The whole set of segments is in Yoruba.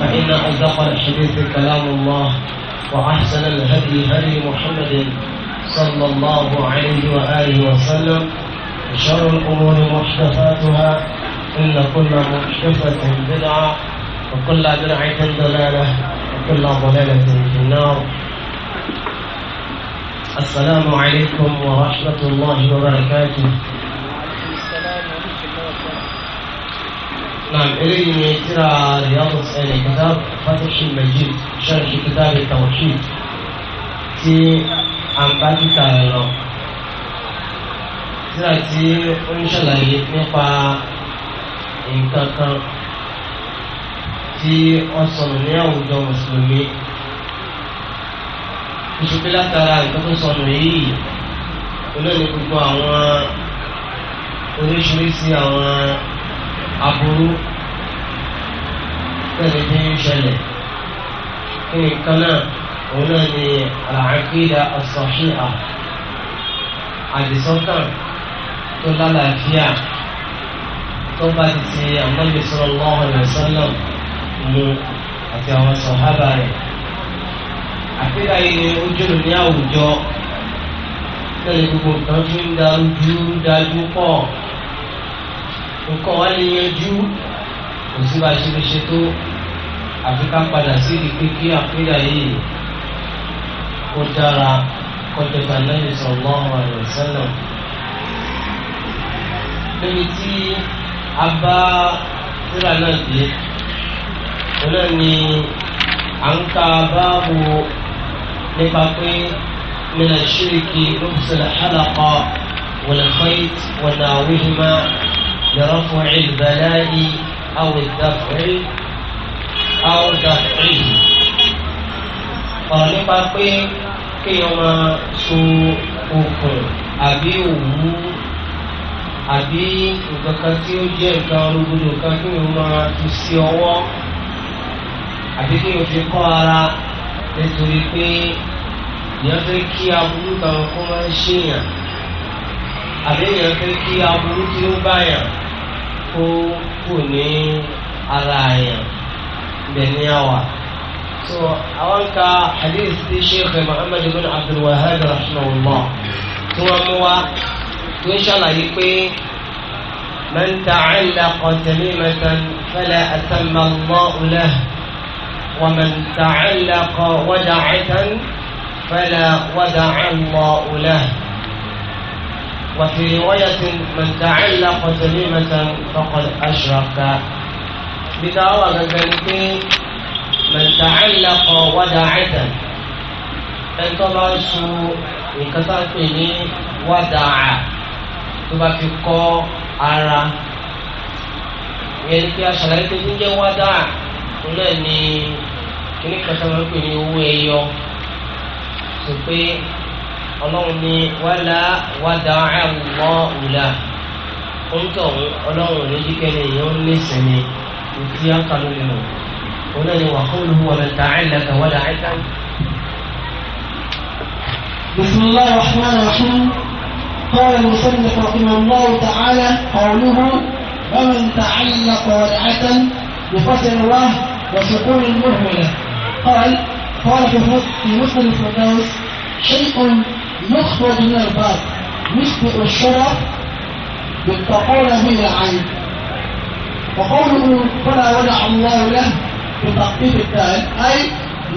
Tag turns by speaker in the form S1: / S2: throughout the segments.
S1: فإن أصدق الحديث كلام الله وأحسن
S2: الهدي هدي محمد صلى الله عليه وآله وسلم وشر الأمور محدثاتها إن كل محدثة
S1: بدعة وكل بدعة ضلالة وكل ضلالة في النار السلام عليكم ورحمة الله وبركاته نعم إليه ترى رياض السنة كتاب فتح المجيد شرح كتاب التوحيد في àǹfààní ka ẹ̀rọ síra tí ó ń ṣàlàyé nípa nǹkan kan tí wọ́n sọnù ní àwùjọ mùsùlùmí ìṣùpé látara nǹkan tó sọnù yìí olóòní gbogbo àwọn oríṣiríṣi àwọn aburú pẹ̀lú tí ń ṣẹlẹ̀ kí nìkan náà òun náà ni àkídà as-sahiha àdìsọ́kàn
S2: tó lálàáfíà tó bá ti ṣe Ànábì sallallahu alaihi wasallam mu àti àwọn sọ̀hábà rẹ̀ àkídà
S1: yìí ni ó jòlò ní àwùjọ lẹ́yìn gbogbo nǹkan fi ń darú dúró
S2: dájú pọ̀ nǹkan wa lè yanjú kò sí bá a ṣe lè ṣe tó àfi ká padà sí di pé kí àpéjà yìí
S1: kó dára kọjọba Ànábì sallallahu alaihi wasallam níbi tí a bá síra náà dé òun ni à ń ka báwo nípa pé min ash-shirki lubsul halaqa wal
S2: khayt wa nahwihima. لرفع البلاء أو الدفع أو دفعه ọ̀rọ̀ nípa
S1: كيما kéèyàn máa so okùn àbí òwú àbí nǹkan kan tí ó jẹ́ nǹkan olóbodò kan kéèyàn máa fi sí ọwọ́ àbí kéèyàn fi kọ́ ara nítorí pé èèyàn fẹ́ kí aburú kan kó máa ń ṣèyàn àbí èèyàn fẹ́ kí aburú tí ó báyàn kó kù ní ara àyàn ibẹ̀ ní àwà. so àwọn ka hadith ti sheikh muhammad ibn abdul wahab rahimahullah tí wọ́n mú wa tó ń ṣàlàyé pé man ta'allaqa tamimatan fala atamma Allahu wa man ta'allaqa wada'atan fala wada'a Allahu وفي رواية من تعلق تميمة فقد أشرك بدعوة غنغنتي من تعلق وداعة ẹn tó bá su nǹkan tá a pè ní wádàá tó bá fi kọ́ ara ìyẹn pé aṣàlàyé tó ń jẹ́ wádàá òun náà ni owó ẹyọ sọ pé ọlọ́run ní wàlá wàdà àwọ̀ ọ̀la oúnjẹ ọ̀hún ọlọ́run ní jíkẹ́ni yóò ní sinmi ìdí àkàlù nínú òun náà ni wà kó lu wàlá tààlà kà wàlá àìkà.
S2: بسم الله الرحمن الرحيم قال المصنف رحمه الله تعالى قوله ومن تعلق ودعة بفتح الله وسكون المهملة قال قال في مسلم الفردوس يخرج من الباب مثل الشرف بالتقول من العين وقوله فلا ودع الله له بتخفيف الدال اي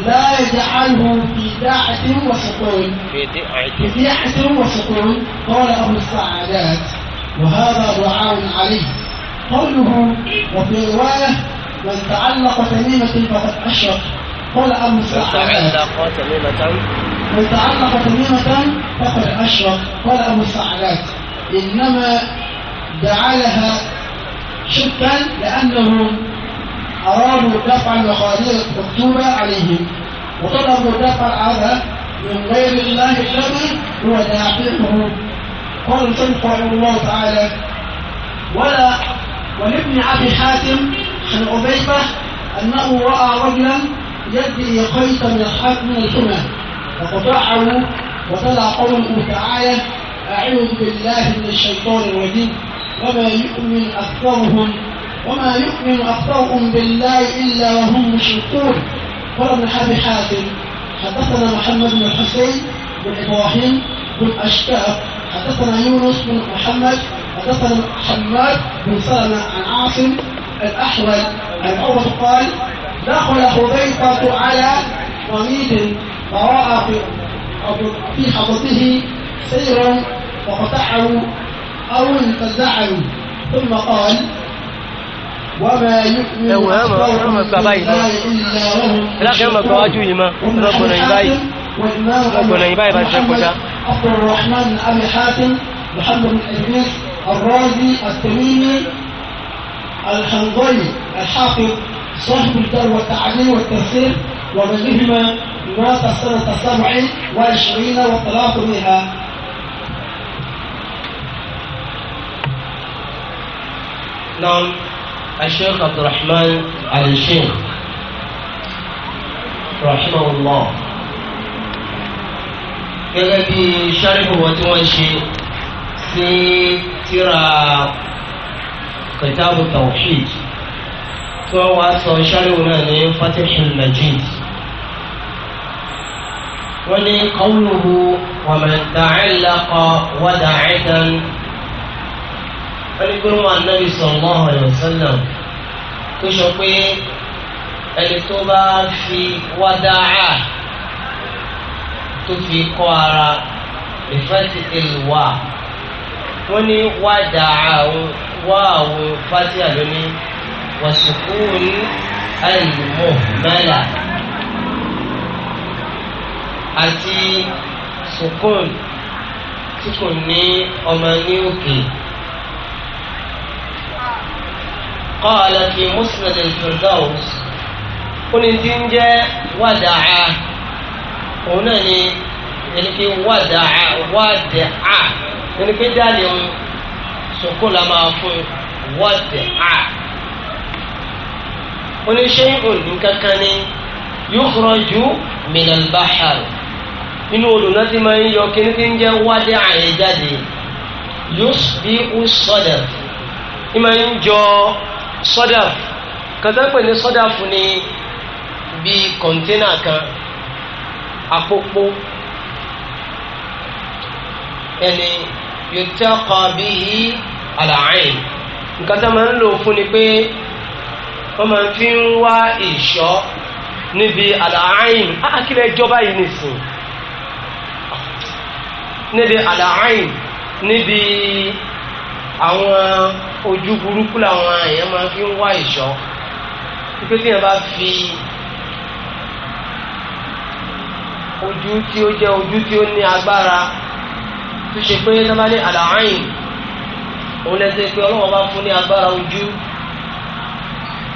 S2: لا يجعله في داعة وسطون في داعة وسطون قال أبو السعادات وهذا دعاء عليه قوله وفي رواية من تعلق تميمة فقد أشرك قال أبو السعادات تعلق متعلقة تميمة فقد أشرك ولا أبو الثعلات إنما جعلها شكا لأنهم أرادوا دفع المخالفة المكتوبة عليهم وطلبوا دفع هذا من غير الله الذي هو دافعه قال الشيخ الله تعالى ولا ولابن أبي حاتم عن أبيبة أنه رأى رجلا يدي خيط من الحق من الحمى وتفاعلوا وطلع قوله آية. تعالى أعوذ بالله من الشيطان الرجيم وما يؤمن أكثرهم وما يؤمن أكثرهم بالله إلا وهم مشركون قال ابن أبي حاتم حدثنا محمد بن الحسين بن إبراهيم بن أشتاق حدثنا يونس بن محمد حدثنا حماد بن سلمة عن عاصم الأحول عن عروة قال دخل حذيفة على قميص فرأى في في حضرته سيرا وقطعه أو انتزعه ثم قال وما يؤمن بالله إلا ربنا ربنا يباي الرحمن أبي حاتم محمد بن إدريس الرازي التميمي الحنظلي الحافظ صاحب الدار والتعليم والتفسير ومنهما ما تصدرت السبع وعشرين والطلاق بها
S1: نعم الشيخ عبد الرحمن
S2: علي الشيخ رحمه الله كذا في شرحه وتوشي
S1: سيرة كتاب التوحيد فهو أصل شرحه فتح المجيد wọ́n ní kọ́wùlùhù wàmẹ̀ntàẹ́lẹ́kọ̀ wọ́dà ẹ̀dán wọ́n ní gbólóhùn anábì sallallahu alaihi wasallam tó sọ pé ẹni tó bá fi wọ́dà á tó fi kọ́ ara ìfẹ́tì ìlúwà wọ́n ní wọ́dà àwọn wọ́àwọ̀ fátí àlóní wọ́sùkúrú àìmọ̀ mẹ́lá àti sukun tí kò ní ọmọ ní òkè. قال في مسند الفردوس ó ní tí ń jẹ́ wàdàá òun náà ni ẹni pé wàdàá wàdàá ẹni pé dáàlì ń sọkó la máa fún wàdàá oníṣẹ́ òdù kankan ni yóò kúrọ̀ ju minal inu odò ti máa ń yọ kí jẹ́ wádé àyè jáde yóò bí ó sọ́dà ní máa ń jọ sọ́dà ni bíi kọ̀ńténà kan àpòpò ẹni yòtẹ́kọ̀ bíi àlàáyìn nǹkan máa ń lò fún ni pé wọ́n máa fi ń wá ìṣọ́ níbi àlàáyìn á kílẹ̀ yìí nìsín. níbi àlàáyìn níbi àwọn ojú burúkú làwọn èèyàn máa fi ń wá ìṣọ́ pípé tí èèyàn bá fi ojú tí ó jẹ́ ojú tí ó ní agbára tó ṣe pé tábà ní àlàáyìn òun lẹ́sẹ̀ pé ọlọ́wọ́ bá fún ní agbára ojú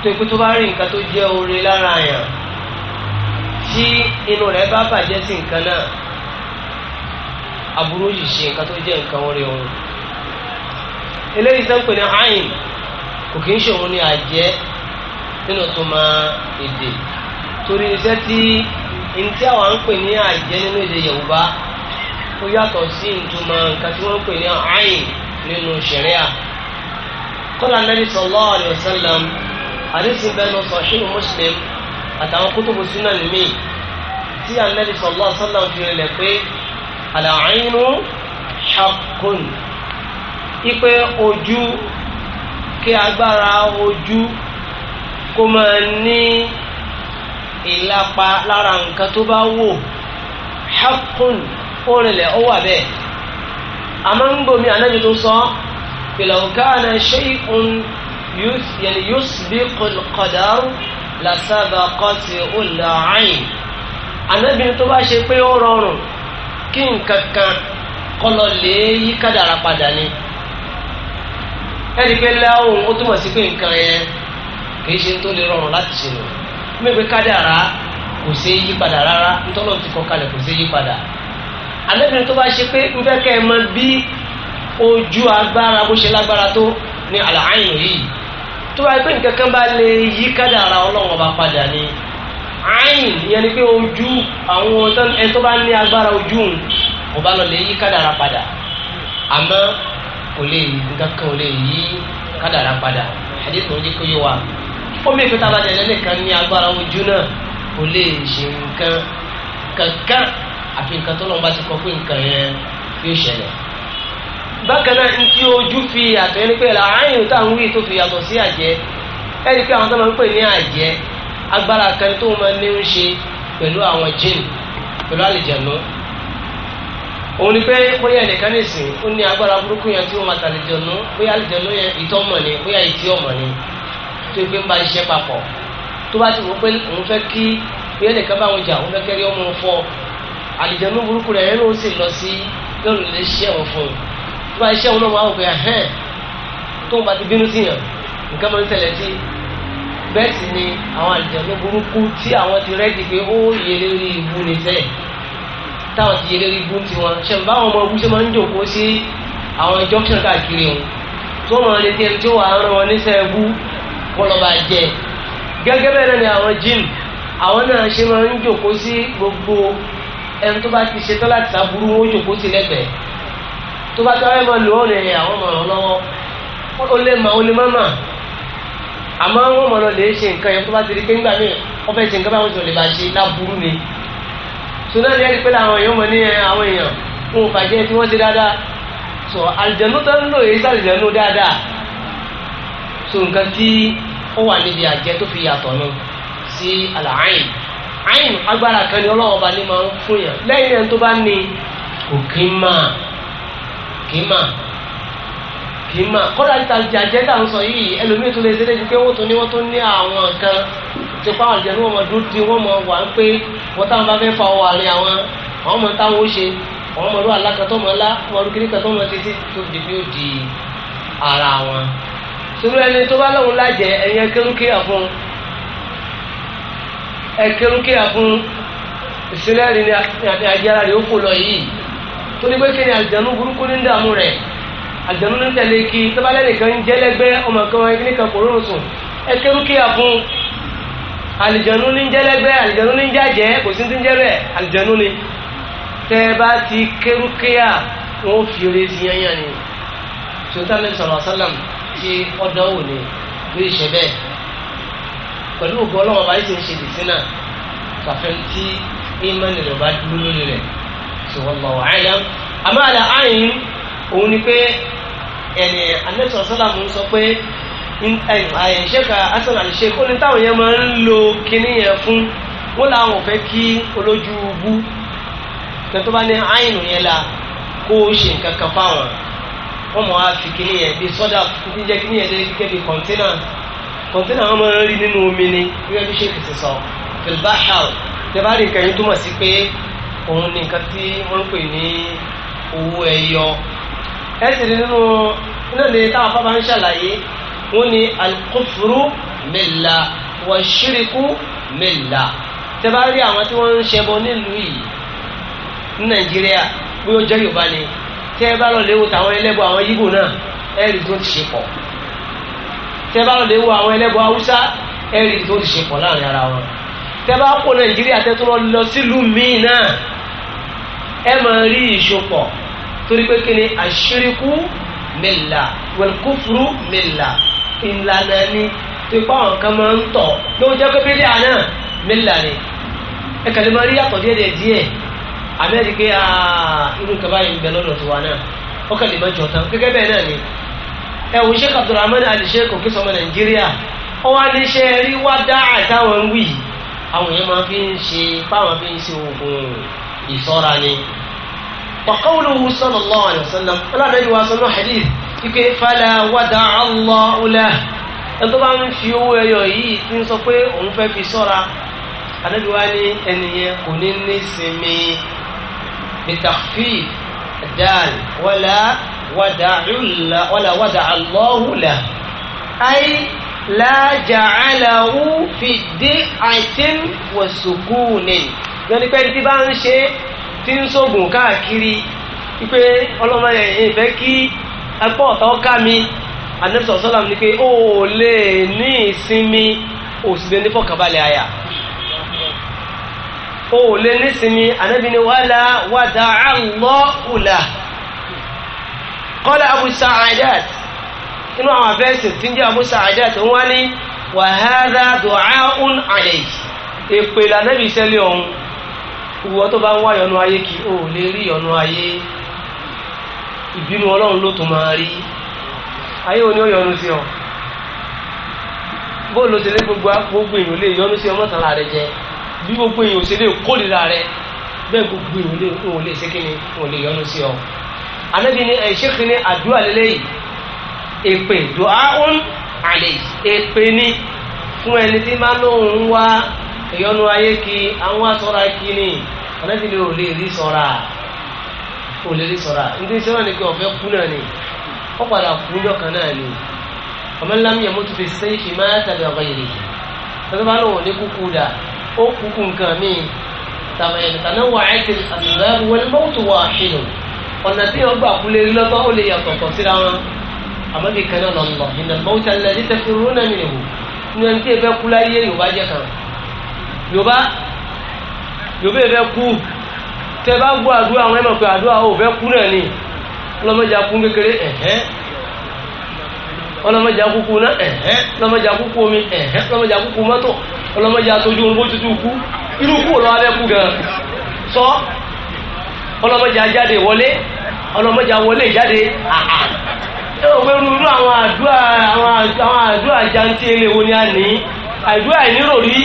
S1: tó ikú tó bá rí nǹkan tó jẹ́ oore lára àyàn tí inú rẹ̀ bá bàjẹ́ sí nǹkan náà aburú yìí ṣe nǹkan tó jẹ́ nǹkan orí òun eléyìí tó ń pè ní ayin kò kí ń ṣòwò ní àjẹ́ nínú tó máa èdè torí iṣẹ́ tí ntí àwọn ń pè ní àjẹ́ nínú èdè Yorùbá ó yàtọ̀ sí ìtumọ̀ nǹkan tí wọ́n ń pè ní ayin nínú ṣẹ̀ríà kọ́lá nàbí sallallahu alaihi wasallam àdéhùn bẹ́ẹ̀ lọ Sahih Muslim àtàwọn kótópù súnà nìmí tí ànábì sallallahu alaihi fi rẹ̀ pé àlàáyínú hakun ipe ojú kí agbára ojú kó máa ní ìlapa lára nǹkan tó bá wò hakun ó rìnlẹ̀ ó wà bẹ́ẹ̀ àmọ́ ń gbomi ànábi tó sọ law kana shay'un yusbiqul qadar la sabaqatihul ayn ànábi tó bá ṣe pé ó kí nǹkan kan kọlọ lè yí kádàrá padà ni ẹni pé láwùn ó túmọ̀ sí pé nǹkan yẹn kì í ṣe tó lè rọrùn láti ṣe nù mímú kádàrá kò ṣe yí padà rárá ntọ́lọ́ ti kọ kalẹ̀ kò ṣe yí padà alẹ́bìnrin tó bá ṣe pé ń fẹ́ kẹ́ ẹ mọ bí ojú agbára bó ṣe lágbára tó ní àlàáyìn yìí tó bá yẹ pé nǹkan kan bá lè yí kádàrá ọlọ́run ọba padà ni àìn ìyẹn ni pé ojú àwọn ẹni tó bá ní agbára ojú òun mo bá lọ lè yí kádàrá padà àmọ́ kò lè nǹkan kan ò lè yí kádàrá padà àdé tó ń jẹ́ kó yé wa ó mi ìpínlẹ̀ abájá ẹ̀jẹ̀ nìkan ní agbára ojú náà kò lè ṣe nǹkan kankan àfi nǹkan tó lọ́n bá ti kọ́ pé nǹkan yẹn yóò ṣẹlẹ̀ bákan náà ní tí ojú fi àtẹ̀yẹ́ ní pé àárín táwọn wí tó fi yàtọ̀ sí àjẹ́ ẹ̀rí pé àwọn tó máa agbára kan tó máa ní ń ṣe pẹ̀lú àwọn jinn pẹ̀lú àlìjẹ̀nu òun ni pé bóyá ẹnìkan nìsín ó ní agbára burúkú yẹn tí ó máa tàlìjẹ̀nu bóyá àlìjẹ̀nu yẹn ìtọ́mọ̀ ni bóyá ìtí ọmọ ni tó gbé ń bá iṣẹ́ papọ̀ tó bá ti wò pé òun fẹ́ kí bóyá ẹnìkan bá wọn jà òun fẹ́ kẹ́rí ọmọ fọ́ àlìjẹ̀nu burúkú rẹ̀ yẹn ló sì lọ sí lọ́rùn lè ṣẹ́ wọn fún bẹ́ẹ̀ sì ni àwọn àlùjànnú burúkú tí àwọn ti rẹ́ẹ̀dì pé ó yẹ lórí ibú ni tẹ́ táwọn ti yẹ lórí ibú ti wọn ṣe báwọn ọmọ ogun ṣe máa ń jòkó sí àwọn junction káàkiri wọn tó wọn lè tẹ́ tí ó wà á rán wọn níṣẹ́ ibú kọlọ́ba jẹ gẹ́gẹ́ bẹ́ẹ̀ náà ni àwọn jinn àwọn náà ṣe máa ń jòkó sí gbogbo ẹni tó bá ti ṣetán láti sàbúrú wọn ó jòkó sí lẹ́gbẹ̀ẹ́ tó bá tọ́ ẹ máa lò ó lè àwọn ọmọ ọ̀rọ̀ lọ́wọ́ ó lè má ó lè má má àmọ́ wọn mọ̀ lọ lè ṣe nǹkan yẹn tó bá ti di pé ńgbà míì wọ́n fẹ́ ṣe nǹkan báwọn jọ lè bá ṣe láburú ni so náà ní ẹni pé àwọn èèyàn mọ̀ ní àwọn èèyàn wọn ò fàjẹ́ tí wọ́n ṣe dáadáa so àlìjẹ̀nú tó ń lò èyí sàlìjẹ̀nú dáadáa so nǹkan tí ó wà níbi àjẹ́ tó fi yàtọ̀ nù sí àlàáyìn àyìn agbára kan ni ọlọ́wọ́ ní máa ń fún yàn lẹ́yìn ẹni tó bá ní òkè máa kì í mà kọ́dà ìta jàjẹ́ tà ń sọ yìí ẹlòmíì tó lè ṣe léṣe pé wọ́n tó ní wọ́n tó ní àwọn nǹkan tó pa àjẹ́ ní wọ́n mọ̀ dúró di wọ́n mọ̀ wà ń pé wọ́n táwọn bá fẹ́ fa ọwọ́ àárín àwọn àwọn ọmọ táwọn ó ṣe àwọn ọmọ ọdún alákatọ́ ọmọ ńlá ọmọ ọdún kiri katọ́ ọmọ títí tó di bí ó di ara wọn. sórí ẹni tó bá lọ́hùn lájẹ ẹ̀yin ẹkẹrúkẹ́yà fún ẹkẹrúkẹ́yà fún ìsílẹ̀ àjẹmú ní tẹ̀lé kí tọ́balẹ̀ nìkan ń jẹ́lẹ́gbẹ́ ọmọ kan wọn nìkan kò rọrùn sùn ẹ kéwú kíyà fún àlìjẹ̀nú ní jẹ́lẹ́gbẹ́ àlìjẹ̀nú ní jàjẹ́ kò sí ti ń jẹ́rẹ̀ àlìjẹ̀nú ni tẹ́ bá ti kéwú kíyà wọn ò fi oore sí yányán ni sọtàmì sọ̀rọ̀ sálàm tí ọ̀dọ́ wò ni ló ṣe bẹ́ẹ̀ pẹ̀lú ògbọ́n ọlọ́wọ́ bá yìí ṣe dìsí náà kàfẹ́ tí ìmánì rẹ̀ bá dúró lórí rẹ̀ sọ̀rọ̀ lọ́wọ́ àìlám àmọ́ àlà àyìn òun ni pé ẹni anẹ́tọ̀ sálàmù sọ pé àyẹ̀ṣẹ́ka asan àṣẹ ó ní táwọn yẹn máa ń lo kinní yẹn fún wọn làwọn ò fẹ́ kí olójú bú ní bá ní àìnù yẹn la kó o ṣe nǹkan kan fáwọn wọn mọ̀ á fi kinní yẹn bí sọ́dà ní jẹ́ kinní yẹn lé gẹ́gẹ́ bí kọ̀ńtínà kọ̀ńtínà wọn máa ń rí nínú omi ni gẹ́gẹ́ bí ṣèkì ti sọ filbahar tẹ́bárì nǹkan yẹn túmọ̀ sí pé òun ni nǹkan tí wọ́n ń pè ní owó ẹyọ ẹsìn nínú náà ni táwọn afábá ń ṣàlàyé wọn ni al-kufru milla wa shiriku milla tẹ bá rí àwọn tí wọn ń ṣẹbọ nílùú yìí ní nàìjíríà bí ó jẹ yorùbá ni tẹ lọ léwu tàwọn ẹlẹ́bọ àwọn yíbò náà ẹrì tó ti ṣe pọ̀ tẹ lọ léwu àwọn ẹlẹ́bọ haúsá ẹrì tó ti ṣe pọ̀ láàrin ara wọn tẹ kó nàìjíríà tẹ lọ sílùú míì náà ẹ máa rí ìṣopọ̀ torí pé kí ni àṣírikú mìlà wẹ̀lkúfúrú mìlà ìlànà ni tó ipá àwọn kan máa ń tọ̀ lóun jẹ́ pé bídíà náà mìlà ni ẹ kàlẹ́ máa rí yàtọ̀ díẹ̀ díẹ̀ àmẹ́rì pé irú nǹkan báyìí ń bẹ lọ́dọ̀ tiwa náà ó kàlẹ́ máa jọ tán gẹ́gẹ́ bẹ́ẹ̀ náà ni ẹ wò Sheikh Abdulrahman Ali Sheikh òkè sọmọ Nàìjíríà ó wá ní iṣẹ́ rí wá dá àtàwọn wí àwọn èèyàn máa fi ń ṣe fáwọn fi ń ṣe oògùn ìsọ́ra ni. وقوله صلى الله عليه وسلم ولا نبي وصلنا حديث يكي فلا ودع الله له ẹni tó bá ń fi owó ẹyọ yìí tí ń sọ pé òun fẹ́ fi sọ́ra anábìwá ní ẹnìyẹn kò ní ní sinmi bitafi dan wala wada allahu la ay la ja'alahu fi di'atin wa sukunin yọ ni pé tí bá ń ṣe tí ń sógun káàkiri wípé ọlọ́mọ yẹn ìfẹ́ kí apá ọ̀tá ọ̀ká mi anẹ́sọ̀ sọ́làm ni pé ó lè ní ìsinmi òsìlẹ̀ ní fọkànbalẹ̀ àyà ó lè ní ìsinmi anẹ́bí ni wàhálà wàdà àlọ́ọ̀là kọ́lá Abu Sa'adat inú àwọn abẹ́sìn tí ń jẹ́ Abu Sa'adat wọ́n ní wàhálà dùn áhùn àlẹ́ ìpè lànẹ́bí sẹ́lẹ̀ ọ̀hún ìwọ tó bá ń wá yọnu ayé kí o lè rí yọnu ayé ìbínú ọlọ́run ló tó máa rí ayé òní ó yọnu sí ọ bóòlù ti lé gbogbo gbogbo èèyàn lè yọnu sí ọmọ tàn láàrẹ jẹ bí gbogbo èèyàn ṣe lè rẹ bẹ́ẹ̀ gbogbo èèyàn lè òun lè ṣe kí ni òun lè yọnu sí ọ anabi ni ẹ̀ṣẹ́ kí ni àdúrà lélẹ́yìí èpè dùn áhùn àlè èpè ni fún ẹni tí máa lóun wá ìyọnu ayé kí àwọn asọ́ra kí ni ànábì ni ò lè rí sọ́ra ò lè rí sọ́ra ndé sọ́ra ni pé ọ̀fẹ́ kú náà ni ó padà kú lọ́kàn náà ni ọmọ ńlá mi yẹ mo tún fi ṣe ìfì máa tàbí ọ̀gá yìí tọ́jú bá lòun ní kúkú dà ó kúkú nǹkan mi tàbí ẹ̀ka náà wà áìtì àbúrò wọlé mọ́tò wà ṣìlò ọ̀nà tí wọ́n gbà kúlé lọ́tọ́ ó lè yàtọ̀tọ̀ síra wọn àmọ́ bí kan náà lọ́ yorùbá yorùbá ìfẹ́ kú tẹ bá gbọ́ àdúrà àwọn ẹ̀mọ̀ pé àdúrà o fẹ́ kú náà ni ọlọ́mọdé akú kékeré ẹ̀hẹ́ ọlọ́mọdé akúkú náà ẹ̀hẹ́ ọlọ́mọdé akúkú omi ẹ̀hẹ́ ọlọ́mọdé akúkú mọ́tò ọlọ́mọdé atójú orúkú tuntun kú irú kú lọ́wọ́ abẹ́ kú gan sọ ọlọ́mọdé ajáde wọlé ọlọ́mọdé awọlé ìjáde àhà ẹ ò gbẹrú irú àwọn àdúrà àwọn àdúrà jantí eléwo ni a ní àdúrà ìníròrí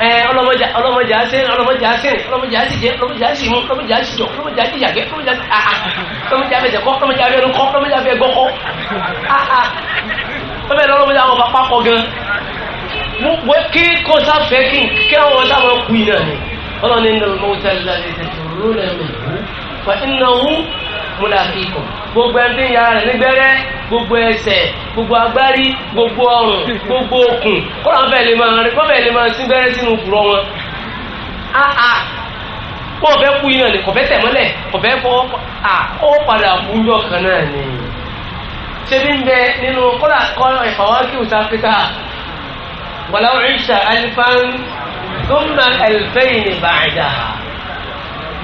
S1: ọlọmọdé eh, ọlọmọdé asin ọlọmọdé asin ọlọmọdé asijẹ ọlọmọdé asimu ọlọmọdé asijọ ọlọmọdé asijàgẹ ọlọmọdé aha ọlọmọdé afẹjẹkọ ọlọmọdé afẹnukọ ọlọmọdé afẹgbọkọ aha ọbẹ ní ọlọmọdé àwọn bàbá kọ gan wọ kí kò sá fẹ kí kí àwọn ọmọdé àwọn kù yìí náà ni ọlọmọdé ní ọlọmọdé alẹ tẹtẹ olóòlẹ mi. fa innahu gbogbo ẹni tí ń ya gbogbo ẹsẹ gbogbo agbárí gbogbo ọrùn gbogbo okùn kọrọ làwọn lè máa rẹ kó lè máa sí sínú wọn. aa kó o kú ni kò a ó padà kú yọ kan náà ni. ń bẹ nínú wàlá alifan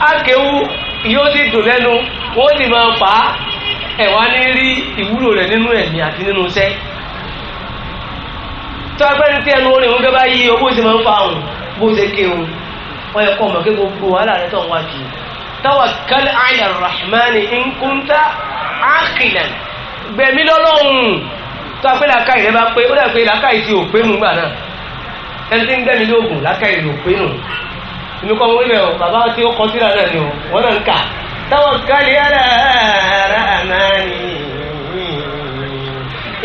S1: akéwú yóò sì dùn lẹ́nu wọ́n sì máa fà á ẹ̀wá ní rí ìwúlò rẹ̀ nínú ẹ̀mí àti nínú iṣẹ́ tó agbẹ́rin tí ẹnu orin òun gẹ́gẹ́ bá yí owó sì máa ń fa àrùn bó ṣe kéwù wọ́n yẹ kọ́ ọmọ kí gbogbo wàhálà rẹ̀ tó ń wá kì í tawakkal ala rahmani in kunta aqilan gbẹ̀mí lọ́lọ́run tó apẹ́ làákàyè rẹ̀ bá pé ó dà pé ti òpé nù gbà náà ẹni tí ń gbẹ̀mí lóògùn làákàyè rẹ̀ òpé nù inú kọ́ wílẹ̀ o bàbá tí ó kọ́ síra náà ni o wọ́n náà ń kà tawakkal ala rahmani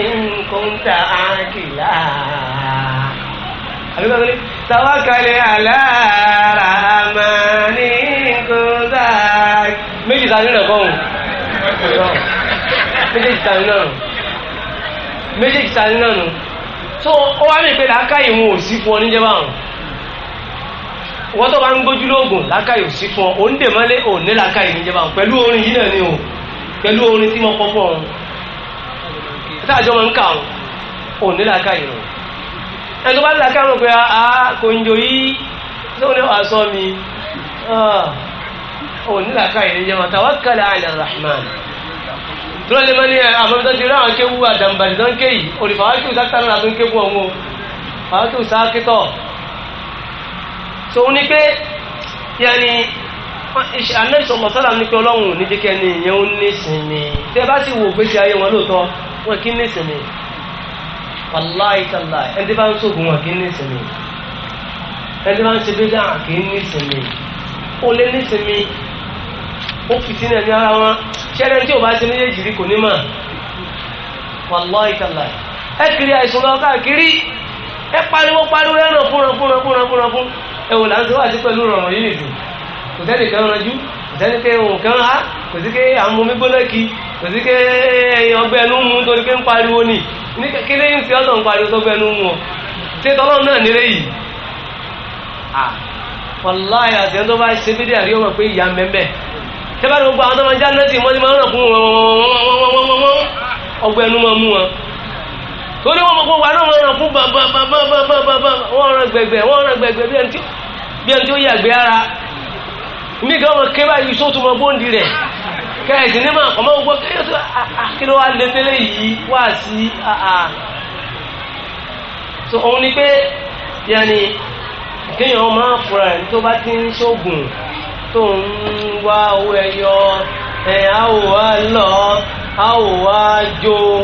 S1: in kunta àkìlá. àbí ní tawakkal ala rahmani in kunta àkìlá. méjì ta nínú ẹ̀kọ́ òun méjèèjì ta nínú ọ̀run méjèèjì So nínú wá mi pé làákàyè wọn ò sí fún ọ níjẹ́ báwọn wọ́n tó bá ń gbójú lóògùn lákàyè ò sí fún ọ òun dè mọ́lé òun ní lákàyè níjẹba pẹ̀lú orin yìí náà ni o pẹ̀lú orin tí mo kọ́ fún ọ̀hún táàjọ́ máa ń kà ọ̀hún òun ní lákàyè o ẹni tó bá ní lákàyè wọn pé a ah, ah, kò ń jò yí lóun ní wàá sọ mi ah, òun ní lákàyè níjẹba tawakkal ala Rahman tó lè mọ́ ní àmọ́tọ́ ti rí àwọn kéwú àdàmbàdì tó ń ké yìí olùfàwákì so ó ní pé yẹni anabi sọlọ sọlá ní pé ọlọ́run ní jẹ́kẹ́ ni ìyẹn ó ní sinmi tẹ́ bá sì wò gbèsè ayé wọn lóòótọ́ wọn kì í ní sinmi wàláì tàlà ẹni tí bá ń sògùn wọn kì í ní sinmi ẹni tí bá ń ṣe bí dáhà kì í ní sinmi ó lé ní sinmi ó fi sínú ẹni ara wọn ṣẹlẹ̀ tí ò bá ṣe méjèèjì rí kò ní mà wàláì tàlà ẹ kiri àìsàn lọ káàkiri ẹ pariwo pariwo ẹ ràn fún ràn fún ràn fún ràn fún ràn fún. ẹwọ là ń sọ wájú pẹ̀lú rọrùn yìí nìdí kò sẹ́ni kan ranjú kò sẹ́ni kan ohun kan há kò sí ké àwọn omi gbóná kí kò sí ké ọgbẹ́ ẹnu mú torí ké ń pariwo ni ní kékeré ń fi ọ̀sán pariwo sọ́gbẹ́ ẹnu mú ọ ṣé tọ́lọ́ náà nílé yìí àti ẹni tó bá ṣe bídí pé ìyá mẹ́mẹ́ àwọn tó máa ń já torí wọn gbogbo wa náà wọn ràn fún bàbàbàbàbàbà wọn ràn gbẹgbẹ wọn ràn gbẹgbẹ bí ẹni tí ó yàgbé ara ní kan wọn ké báyìí sóòtú mọ bóńdì rẹ kẹsì ní máa kọmọ gbogbo kéèyàn tó àkìlọ wa lè tẹlẹ yìí wá sí àà ah, ah. so òun ni pé yẹni kéèyàn máa fura ẹni tó bá ti ń ṣoògùn tó ń wá owó ẹyọ ẹ á ò wá lọ á ò wá jó.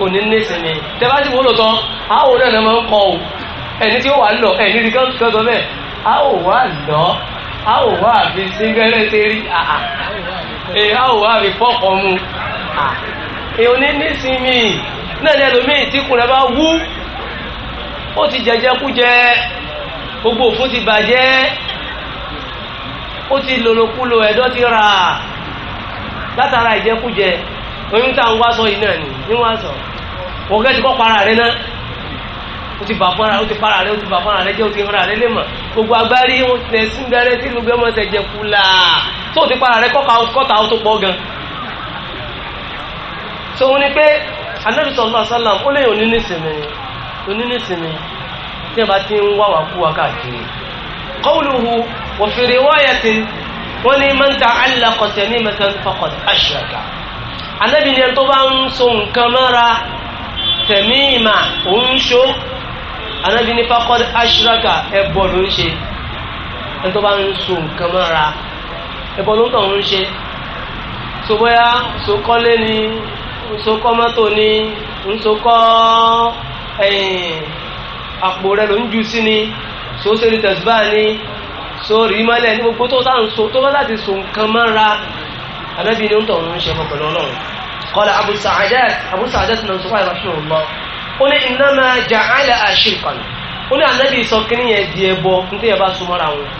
S1: òní nísìnyí tẹ́lá ti wọ́n lò tán àwọn náà máa ń kọ o ẹni tí ó wà lọ ẹni rí kán sọ bẹ́ẹ̀ a ò wá lọ a ò wá fi síngẹ́rẹ́ tẹ́rí àà èyí a ò wá fi fọ́kọ̀ mu èyí òní nísìnyí náà ní ẹlòmíì tí kùnà bá wú ó ti jẹjẹ kú jẹ gbogbo òfun ti bàjẹ́ ó ti lòlòkulò ẹ̀dọ̀ ti rà látara ìjẹkújẹ oyún tá à ń wá sọ yìí náà ni ní wá sọ ọ̀gá ti kọ́ para rẹ náà o ti bà fúnra o ti para rẹ o ti bà fúnra rẹ jẹ́ o ti fúnra rẹ lè mọ̀ gbogbo agbárí wọn ti tẹ̀ sí bẹ̀rẹ̀ tí gbogbo ọmọ ṣẹ̀ kula tó o ti para rẹ kọ́ta o tó pọ̀ gan. so wọn ni pé anabi sallallahu alaihi wasallam ó lè òní nísìnyí òní nísìnyí tí a bá ti ń wá wàá kú wa káàkiri. qawluhu wa fi riwayatin wọ́n ní man ta'allaqa tanimatan faqad anábì ni ẹni tó bá ń so nǹkan mọ́ra tẹ̀mí ìmà òun ṣó anábì ní faqad ashraka ẹbọ ló ń ṣe ẹni tó bá ń so nǹkan mọ́ra ẹbọ ló ń tàn ń ṣe so bóyá ni so kọ́ mọ́tò ni so kọ́ àpò rẹ ló ń ju sí ni so tẹ̀síbáà ni so rí ní gbogbo tó bá láti so nǹkan mọ́ra anábì ní oúntọ̀ òun ń ṣe pẹ̀lú ọlọ́run kọ́lá abu sa'adat abu sa'adat náà sọ́kọ́ ìrọ̀ṣùn ọ̀lọ́ ó ní innama ja'ala ashirkan ó ní anábì sọ kíní yẹn di ẹbọ nítorí yẹn bá súnmọ́ra wọn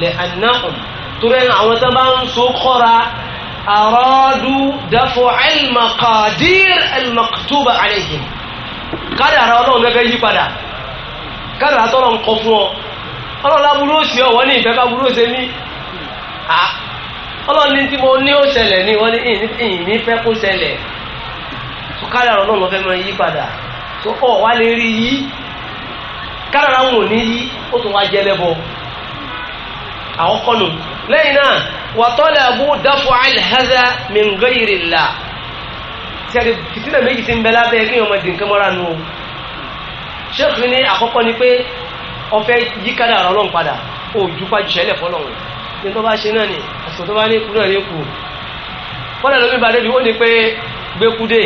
S1: lẹ́ anáhùn torí àwọn tó bá ń so kọ́ra aradu dafo al-maqadir al-maktuba alayhim ọlọ́run gẹ́gẹ́ yí padà kádàrá tọ́lọ́ ọlọ́run ní tí mo ní ó ṣẹlẹ̀ ni wọ́n ní ìyìn ní fẹ́ kó ṣẹlẹ̀ tó kádàrá náà lọ́fẹ́ mọ́ yí padà tó ọ̀ wá lè rí yí kádàrá wọn ò ní yí ó tún wá jẹ́ lẹ́bọ àwọn kọ́nù lẹ́yìn náà wà tọ́lẹ̀ abú dáfọ́ àìlẹ́hẹ́dá mìngẹ́yìrìlá tẹ́lẹ̀ fìtínà méjì ti ń bẹ lábẹ́ kí ọmọ ìdìǹkẹ́ mọ́ra nù o ṣéèkì ní àkọ́kọ́ ni pé ọfẹ́ yí kádàrá ọlọ́run padà ó ju pàjùṣẹ́lẹ̀ fọlọ́run ní tó bá ṣe náà ni àsìkò tó bá ní ikú náà ní ikú kọ́lá lómi bá débi ó ní pé gbẹ́kúdé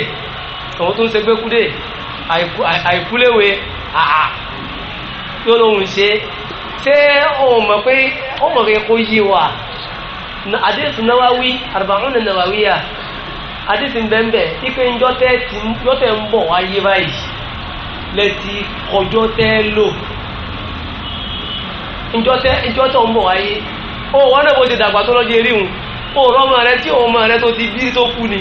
S1: òun tó ń ṣe gbẹ́kúdé àìkúléwe àà yóò lóhun ṣe ṣé o mọ̀ pé ó mọ̀ pé kó yí wa àdéhùn náwáwí àrùbáwọn náwáwí à àdéhùn bẹ́ẹ̀ ike ń jọ́tẹ̀ ń bọ̀ wáyé báyìí lẹ́tí ọjọ́ lò ń jọ́tẹ̀ ń bọ̀ wáyé. ó wọ́n náà bó ti dàgbà tó lọ́jọ́ eríhun ó rọ́mọ rẹ tí òun mọ rẹ tó ti tó kú ni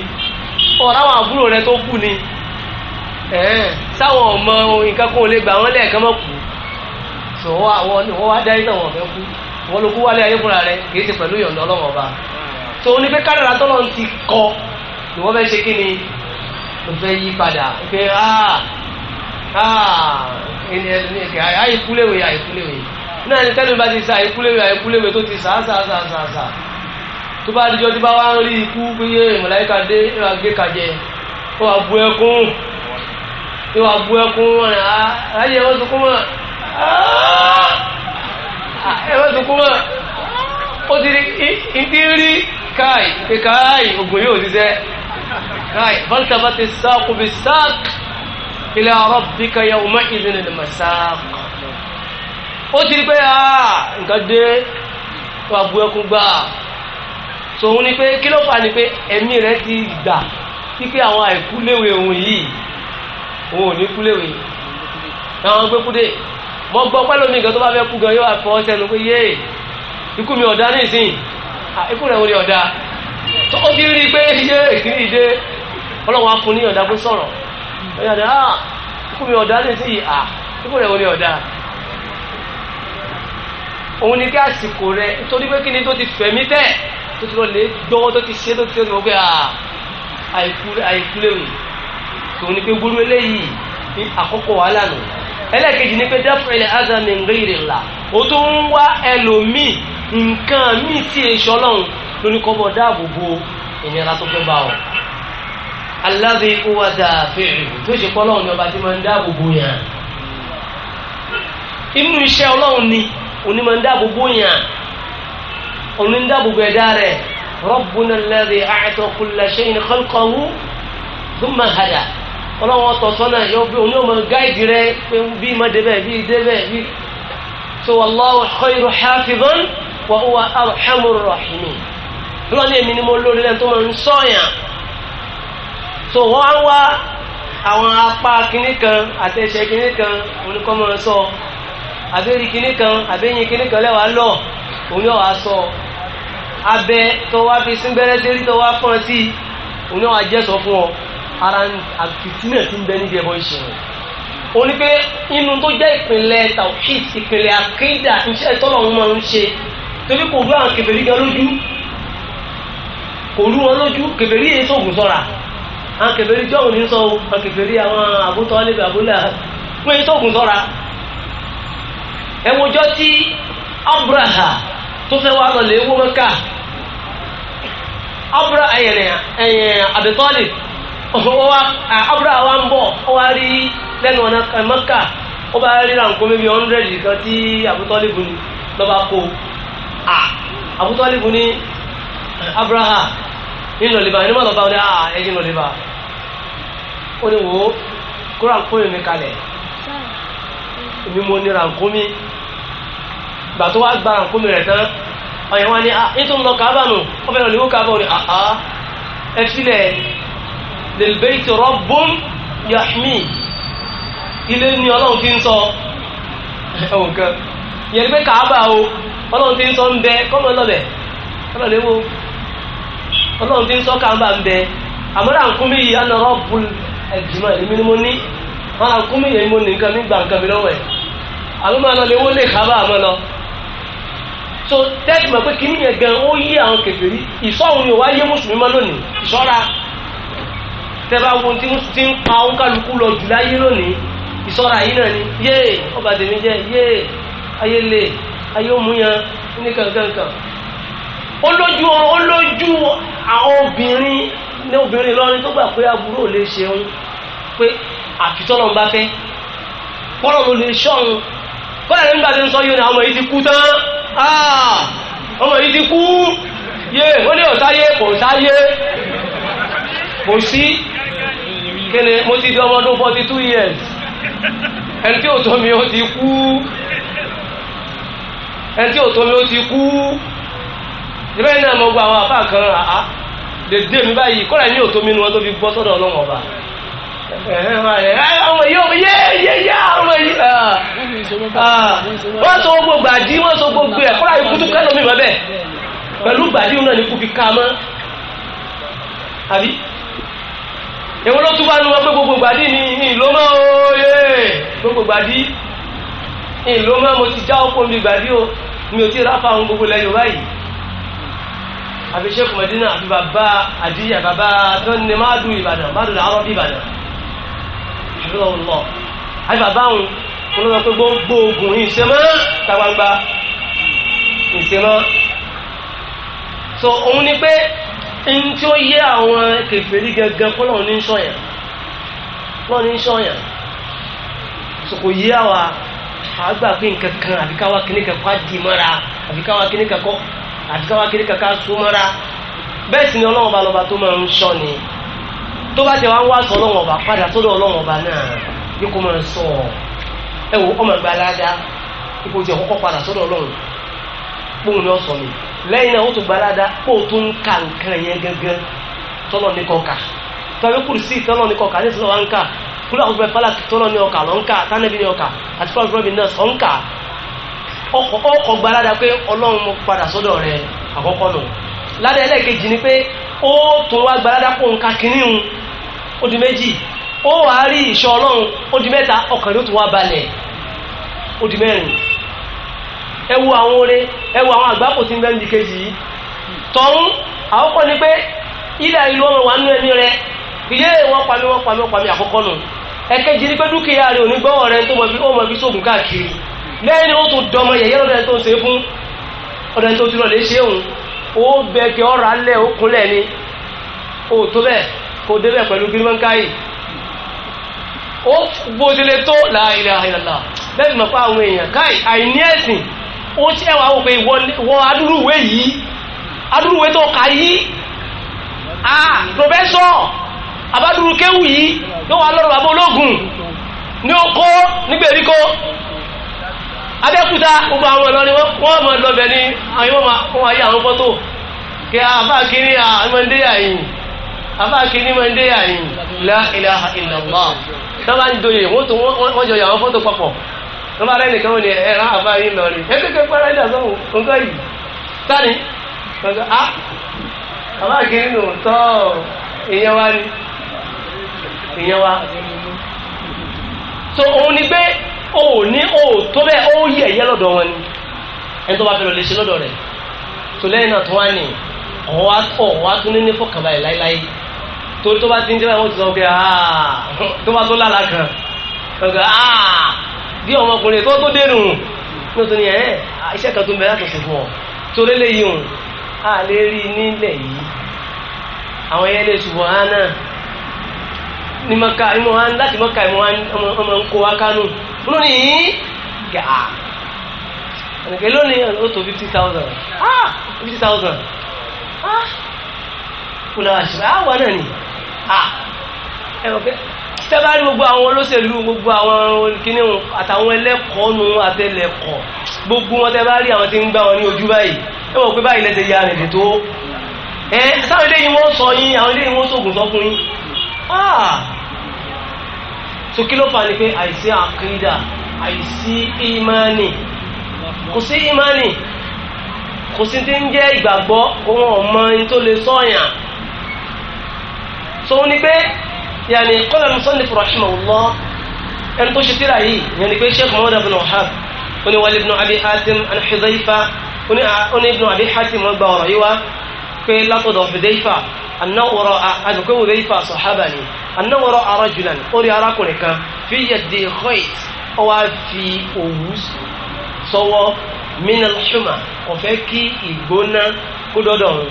S1: ó àbúrò rẹ tó kú ni sáwọn ọmọ nǹkan kó lè gbà wọ́n lẹ́ẹ̀kan mọ́ kú so wọ́n wá dá iná wọn fẹ́ kú wọ́n ló kú wálé rẹ kì í ti pẹ̀lú ọba ní pé tọ́lọ́ ti kọ ni wọ́n fẹ́ ṣe kí ni fẹ́ yí padà pé ah ah ẹni ẹni ẹni náà ni tẹ́lẹ̀ bá ti sa ìkúléwé àìkúléwé tó ti sàásàásàásà tó bá dijọ́ tí bá wá ń rí ikú péye màláíkà dé ìwà gé kàjẹ́ ó wà bu ẹkún ó wà bu ẹkún wọn àyè wọn sunkún mọ́ ah! ẹ wọn sunkún mọ́ ó ti rí ìdí rí káì pé káì ògùn yóò ṣiṣẹ́ káì bọ́lítà bá ti sáàkù bí sáàkù ila rabbika yawma idhin al-masaq ó ti rí pé nǹkan dé wà bu ẹkún gbà tòun ni pé kí ló fà ni pé ẹ̀mí rẹ̀ ti gbà wípé àwọn àìkúléwé òun yìí òun ò ní kúléwé àwọn gbẹ́kúdé mọ́ gbọ́ pẹ́lú mi nǹkan tó bá fẹ́ kú gan yóò wá fọ́ sẹ́nu pé yé ikú mi ọ̀dá nísìn ikú rẹ̀ wọ́n ní ọ̀dá tó ó ti rí pé yé ìkíní ìdé ọlọ́run á ní ọ̀dá pé sọ̀rọ̀ ọ̀yàdá ikú mi ọ̀dá nísìn ikú rẹ̀ wọ́n ní ọ̀dá òun ni kí àsìkò rẹ nítorí pé kí ni tó ti fẹ̀mí tẹ̀ tó ti lọ lè gbọ́ tó ti ṣe tó ti ṣe wọ́n pé àìkú léwu tòun ni pé gbúrú eléyìí ní àkọ́kọ́ wàhálà nù ẹlẹ́ẹ̀kejì ni pé dẹ́fẹ̀lẹ̀ azami ngéèrè la o tó ń wá ẹlòmíì nǹkan míì tí èso ọlọ́run lórí kọ́bọ̀ dáàbò bo ìnira tó fẹ́ bá ọ aláàbí wà dàfẹ́rẹ́ tó ṣe kọ́ ọlọ́run ni ọba onímọ̀ ń dáàbò bóyàn òní ń dáàbò gbẹ̀dá rẹ̀ rabbuna alladhi a'ta kulla shay'in khalqahu thumma hada ọlọ́wọ́n tọ̀ sọ́nà yóò bí oní ọmọ gáìdì rẹ̀ pé bí má débẹ̀ bí débẹ̀ bí so wallahu khayru hafizan wa huwa arhamur rahimin lọ́lẹ́ èmi ni mo lórí lẹ́nu tó máa ń sọ̀yàn so wọ́n á wá àwọn apá kinní kan àtẹ̀ṣẹ́ kinní kan oníkọ́ máa sọ àbẹ́rí kìíní kan àbẹ́yìn kìíní kan lẹ́wàá lọ òun yóò wá sọ abẹ tó wá fi síngbẹ́rẹ́ dérí tó wá fọ́n sí òun yóò wá jẹ́sọ fún ọ ara àfìtínà tí ń bẹ níbi ẹ̀bọ ìṣẹ̀lẹ̀ o ní pé inú tó jẹ́ ìpínlẹ̀ tawhid ìpínlẹ̀ akéda iṣẹ́ tọ́lọ̀ ń máa ń ṣe torí kò rú àwọn kèfèrí gan lójú kò rú wọn lójú kèfèrí yìí sóògùn sọ́ra àwọn kèfèrí jọ́ọ̀hún ní sọ àwọn kèfèrí àwọn àbútọ́ alẹ́bẹ̀ àbúlà wọ́n yìí sóògùn sọ́ra ẹ̀wọ̀jọ́ tí abraha tó fẹ́ wà lọ lè wó mẹ́ka abraha ẹ̀yẹ̀nẹ̀ ẹ̀yẹn abitọ́lì abraha wa ń bọ̀ ọ wá rí lẹ́nu ọ̀nà mẹ́ka ó bá rí ránkó mẹ́bí ọ̀ndẹ̀dì kan tí abitọ́lì bù ní lọ́ba kó abitọ́lì bù ní ẹ̀yìn ó ní wò ó kó mi kalẹ̀ èmi gbà tó wá gbára nkúmi rẹ̀ tán ọ̀yẹ̀ wọn ni ètò ah, ń lọ kábà nù ó fẹ́ràn níwó kábà ní àá ah, ah. ẹ sílẹ̀ lèlbẹ́ẹ̀tì rọ́bùn yahmi ilé ni ọlọ́run ti ń sọ ẹ̀wọ̀n kan yẹn ni pé kábà o ọlọ́run ti ń sọ ń bẹ kọ́mọ lọ́bẹ̀ ọlọ́run wo ọlọ́run ti ń sọ kábà ń bẹ àmọ́ra nkúmi yìí àná rọ́bùn ẹ̀jùmọ̀ èmi ni mo ní wọn àkúmi yẹn mo ní nǹkan mi gbà nǹkan mi lọ́wọ́ ẹ̀ àmọ́ so tẹ́lifù mọ̀ pé kìíní yẹn gan ó yí àwọn kèfèrí ìṣọ́ òun yóò wá yé mùsùlùmí mọ́ lónìí ìṣọ́ra tẹ́bá wo tí ti ń pa òǹkàlùkù lọ jù láyé lónìí ìṣọ́ra yìí náà ni yéè ọba tèmi jẹ yéè ayé lè ayé òmùyàn ní kankankan olójú olójú àwọn obìnrin ní obìnrin lọ́rin tó gbà pé aburú ò lè ṣeun pé àfitọ́lọ́mbá fẹ́ kọ́lọ́ ló lè ṣọ́run kọ́lá nígbà tí ń sọ yóò ní àwọn ọmọ ti kú tán ah, ọmọ yìí ti kú yé wọ́n ní ọ̀sáyé kò sáyé kò sí kéde mo ti di ọmọ ọdún forty years ẹni tí ò mi ó ti kú ẹni tí ò mi ó ti kú ìbẹ́ẹ̀ náà mo gba àwọn àbá kan àá lè dé mi báyìí kọ́lá ní ò mi nu wọn tó fi gbọ́ sọ́dọ̀ ọlọ́run ọba ọmọ yìí ọmọ yé yé yá ọmọ yìí wọ́n sọ gbogbo gbàdí wọ́n sọ gbogbo ẹ̀ kọ́lá ikú tó kẹ́lọ́ mi bẹ́ẹ̀ pẹ̀lú gbàdí náà ní kú fi ká mọ́ àbí èwo ló tún bá nu wọn pé gbogbo gbàdí ni ní ìlú mọ́ oyè gbogbo gbàdí ní ìlú mọ́ mo ti já ọkọ̀ mi gbàdí o mi ò tí ì ráfa àwọn gbogbo lẹ́yìn báyìí àbí sẹ́kù mẹ́dínà àbí bàbá àdíyà bàbá tó ní máàdù ìbàdàn máàdù làárọ̀ bí ìbàdàn lọ́wọ́ àti bàbá òun wọn lọ pé gbogbo ogun ìṣẹ́mọ́ tagbangba ìṣẹ́mọ́ so òun ni pé n tí ó yé àwọn kèfèrí gangan kọ́ ní sọ̀yàn lọ́wọ́ ní sọ̀yàn so kò yé àwa àgbà pé nǹkan kan àbí káwa kíní kan kọ́ di mọ́ra àbí káwa kíní kan kọ́ àbí káwa kíní kan ká so mọ́ra bẹ́ẹ̀ sì ni ọlọ́wọ́ bá lọ́ba tó máa ń sọ ni. tó bá jẹ wá ń wá sọ ọba padà sọ́dọ̀ ọba náà ní kó máa sọ ọ ẹ wò ọmọ ìgbà aládàá ipò jẹ kọ́kọ́ padà sọ́dọ̀ ọlọ́wọ́n kóhun ni ó sọ mi lẹ́yìn náà ó tún gba aládàá kó o tún ka nǹkan yẹn gángan tọ́lọ̀ ní kọ́ka tọ́lọ̀ ní kùrìsì tọ́lọ̀ ní kọ́ka ní sọ́lọ̀ wá ń kà kúlọ̀ àwọn ìfẹ́fẹ́ ó di o ó wà á rí ìṣọ́ ọlọ́run ó di mẹ́ta ọkàn ló tún wá balẹ̀ ó di mẹ́rin ẹ wo àwọn oore ẹ wo àwọn àgbákò tí ń bẹ́ẹ̀ nìkejì yìí tọ́hún àkọ́kọ́ ni pé ilẹ̀ ìlú ọmọ wa nú ẹ̀mí rẹ ilé wọn pami wọn pami wọn pami àkọ́kọ́ nù ẹ̀kejì ni pé dúkìá rẹ òní gbọ́wọ́ rẹ tó mọ̀ bí sóògùn káàkiri lẹ́yìn ni ó tún dọmọ yẹ̀yẹ́ lọ́dọ̀ tó ń ṣe fún ọ̀dọ̀ tó ti lọ lè ṣe òun ó bẹ̀kẹ̀ ọ̀rọ̀ alẹ́ òkúnlẹ̀ ni ó tó bẹ́ẹ̀ kó débẹ̀ pẹ̀lú gírímọ́nkáyì ó gbódele tó la ilaha illallah mọ̀ pé èèyàn káì àìní ẹ̀sìn ó tí ẹwà wò pé wọ adúrúwé yìí adúrúwé tó ka yìí ah pòfẹ́sọ̀ abádúrú kéwù yìí ló wà lọ́rọ̀ bàbá ológun ní oko nígbèríko abẹ́kúta gbogbo àwọn ìlọrin wọ́n mọ̀ lọ́bẹ̀ ní àwọn ayé àwọn fọ́tò kí a bá kiri àmọ́ndé afáàkì ní máa ń dé àyìn la ilaha illallah tó bá ń joyè wọ́n tó wọ́n jọ yàwọn fọ́tò papọ̀ tó bá rẹ́nì kan ni. ẹ̀rọ àbá yìí lọ rí ẹgbẹ́gbẹ́ pẹ́rẹ́ ìjà sọ́hùn nǹkan yìí tani afáàkì ah! nínú tọ́ ìyẹn wá ní ìyẹn wá so òun ni pé o ò ní o ò tó bẹ́ẹ̀ o yẹ ẹ̀yẹ lọ́dọ̀ wọn ni ẹni tó bá fẹ́ lọ lè ṣe lọ́dọ̀ rẹ̀ tó lẹ́yìn náà tó wá ní ọ̀wá tún ní ní fọkànbalẹ̀ láíláí torí tó bá ti ń jẹ́ báyìí wọ́n ti sọ pé ah. tó bá tó lála kan ọ̀gá ah. bí ọmọkùnrin tó tó dẹnu ní oṣù nìyẹn iṣẹ́ kan tó ń bẹ láti ṣùgbọ́n ọ torí léyìí òun a lè rí nílẹ̀ yìí àwọn ẹyẹ lè ṣùgbọ́n á náà ní maka ní mo hàn láti maka ìmọ̀ ọmọ ń kó wa kánú lónìí gà ẹnìkẹ́ lónìí ó tó fifty thousand ah, fifty thousand kúlọ̀ àṣìṣe àwọn náà Ah. tẹ́bá rí gbogbo àwọn olóṣèlú gbogbo àwọn kíní àtàwọn ẹlẹ́kọ̀ọ́ nu àtẹlẹ́kọ̀ọ́ gbogbo wọn tẹ́bá rí àwọn tí ń gbá wọn ní ojú báyìí ẹ wọ́n pé báyìí lẹ́sẹ̀ ya rẹ̀ tó ẹ sáwọn ilé yìí wọ́n sọ yín àwọn ilé yìí wọ́n sóògùn sọ́kùn ah. so kí ló fà ní pé àìsí àkídà àìsí ìmánì kò sí ìmánì kò sí ti ń so ó ní pé yàní qala al-musannif rahimahullah ẹni tó ṣe tíra yìí yàní pé sheikh muhammad ibn wahab ó ní wali ibn abi hatim an hudhayfa ó ní ibn abi hatim wọn gba ọ̀rọ̀ yìí wá pé látọ̀dọ̀ hudhayfa anáwòrán àdùkọ́ hudhayfa sahaba ni anáwòrán arajulan ó rí arákùnrin kan fi yadi khayt ó wá fi òwú sọ́wọ́ minal huma ó fẹ́ kí ìgbóná kó dọ́dọ̀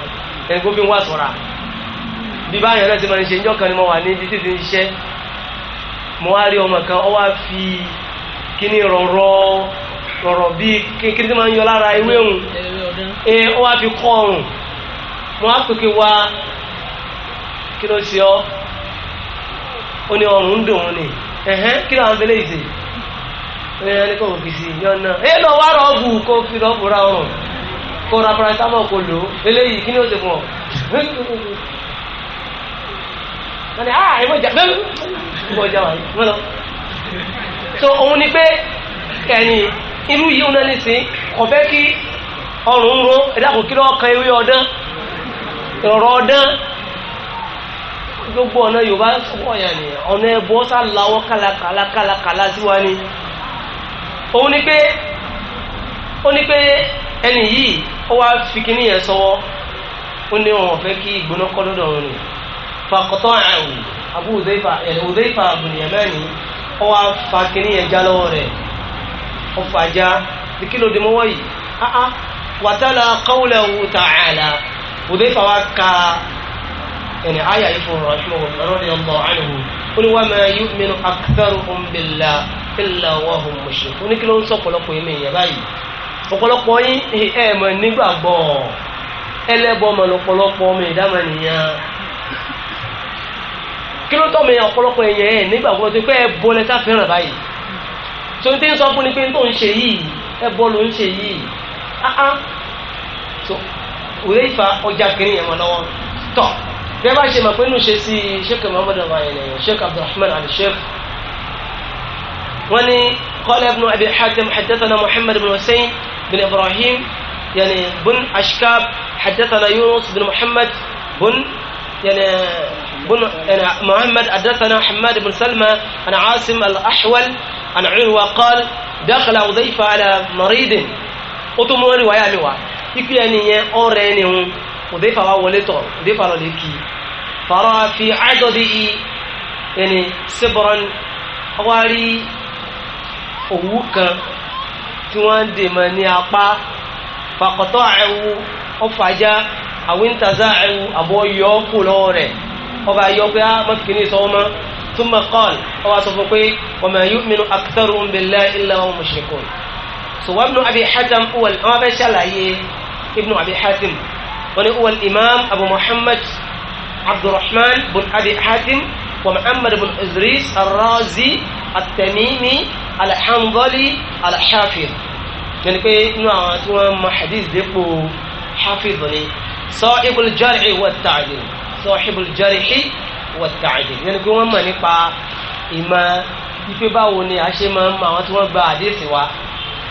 S1: ẹni fi wá sọ̀rọ̀ bí báyọ̀ náà ti máa ń ṣe ni mo wà ní ibi tí ti ń ṣiṣẹ́ mo wá rí ọmọ kan ọ wá fi kíní rọ̀rọ̀ rọ̀rọ̀ bíi kékeré tí máa ń yọ lára ewé òun ee ọ wá fi kọ́ ọrùn mo wá pèké wá kí ló ṣe ọ́ ó ní ọrùn ń dùn ún ni ẹ̀hẹ́n kí ló wà ń fẹ́lẹ́ ìṣe ẹ̀hẹ́n ní kò wò kìí sí yọ náà ẹ̀ lọ wá rọ́ọ̀bù kó fi rọ́ọ̀bù ra ọrùn kó ra paracetamol kó lò ó eléyìí kí ni ṣe fún ọ wọ́n ní ah ẹ̀mọ́ ìjà bẹ́ẹ̀ ìbọn ìjà wà yìí lọ. so òun ni pé ẹni irú yìí òun náà ní sìn kò fẹ́ kí ọrùn ń ro ẹ̀dàkùn kí lọ́ọ́ kan ewé ọdán ìrọ̀rọ̀ ọdán gbogbo ọ̀nà Yorùbá sọ̀kọ̀ yà ni ọ̀nà ẹ̀bọ sá lawọ́ kálákálákálá sí wa ni òun ni pé ó ní pé ẹni yìí ó wá fi kíní yẹn sọwọ́ ó ní wọn fẹ́ kí ìgbóná kọ́ lọ́dọ̀ wọn ni fàkọtọ́ọ̀rù abu udaifa ẹni udaifa abuniyamani ó wá fa kínní yẹn já lọ́wọ́ rẹ̀ ó fa já bí kí ló dé mọ́wọ́ yìí áá wàtálà qawlahu ta'ala udaifa wa ka ẹni àyà ìfọ̀ radiyallahu anhu ó ní wa ma yu'minu aktharuhum billah illa wa hum mushrikun ó ní kí ló ń sọ ọ̀pọ̀lọpọ̀ yìí báyìí ọ̀pọ̀lọpọ̀ yín ẹ̀ mọ̀ nígbàgbọ́ ẹlẹ́bọ̀ mọ̀ lọ́pọ̀lọpọ̀ ọmọ ìdámọ̀ nìyẹn kí ló tọ́ mi ọ̀pọ̀lọpọ̀ èèyàn ẹ̀ nígbàgbọ́ tó pé ẹ bọ́ lẹ́ta fẹ́ràn báyìí tó ń tẹ́ ń sọ fún ni pé tó ń ṣe yìí ẹ bọ́ ló ń ṣe yìí áá ah, tó ah. òye ìfà ọjà kìnìún yẹn mọ́ lọ́wọ́ tọ̀ bẹ́ẹ̀ bá ṣe mọ̀ pé inú ṣe sí sheikh muhammed alayhi sheikh abdulrahman ali sheikh wọ́n ní qala ibn abi hatim haddathana muhammad ibn hussein bin ibrahim yani bun ashkab haddathana yunus bin muhammad bun يعني بن يعني محمد حدثنا حماد بن سلمة عن عاصم الأحول عن عروة قال دخل وضيف على مريض أتموا رواية لوا يكي يعني أورينهم حذيفة وولته حذيفة لكي فرأى في عدده يعني صبرا أواري أوكا tí wọ́n ń dèmọ̀ ní àwíntàzá ẹ̀wù àbọ̀ yọ kù lọ́wọ́ rẹ̀ ọba yọ pé á mọ́kìkìní sọ ọmọ ثم قال هو صفقي وما يؤمن أكثرهم بالله إلا هم مشركون سو ابن أبي حاتم هو الإمام شلعي ابن أبي حاتم هو الإمام أبو محمد عبد الرحمن بن أبي حاتم ومحمد بن إدريس الرازي التميمي الحنظلي الحافظ يعني كي نوع ما حديث ديكو حافظني sahibul jarhi wa ta'dil sahibul jarhi wa ta'dil yẹn ni pé wọ́n mọ̀ nípa ìmọ̀ ife báwo ni a ṣe máa ń mọ àwọn tí wọ́n gba àdéhùn wa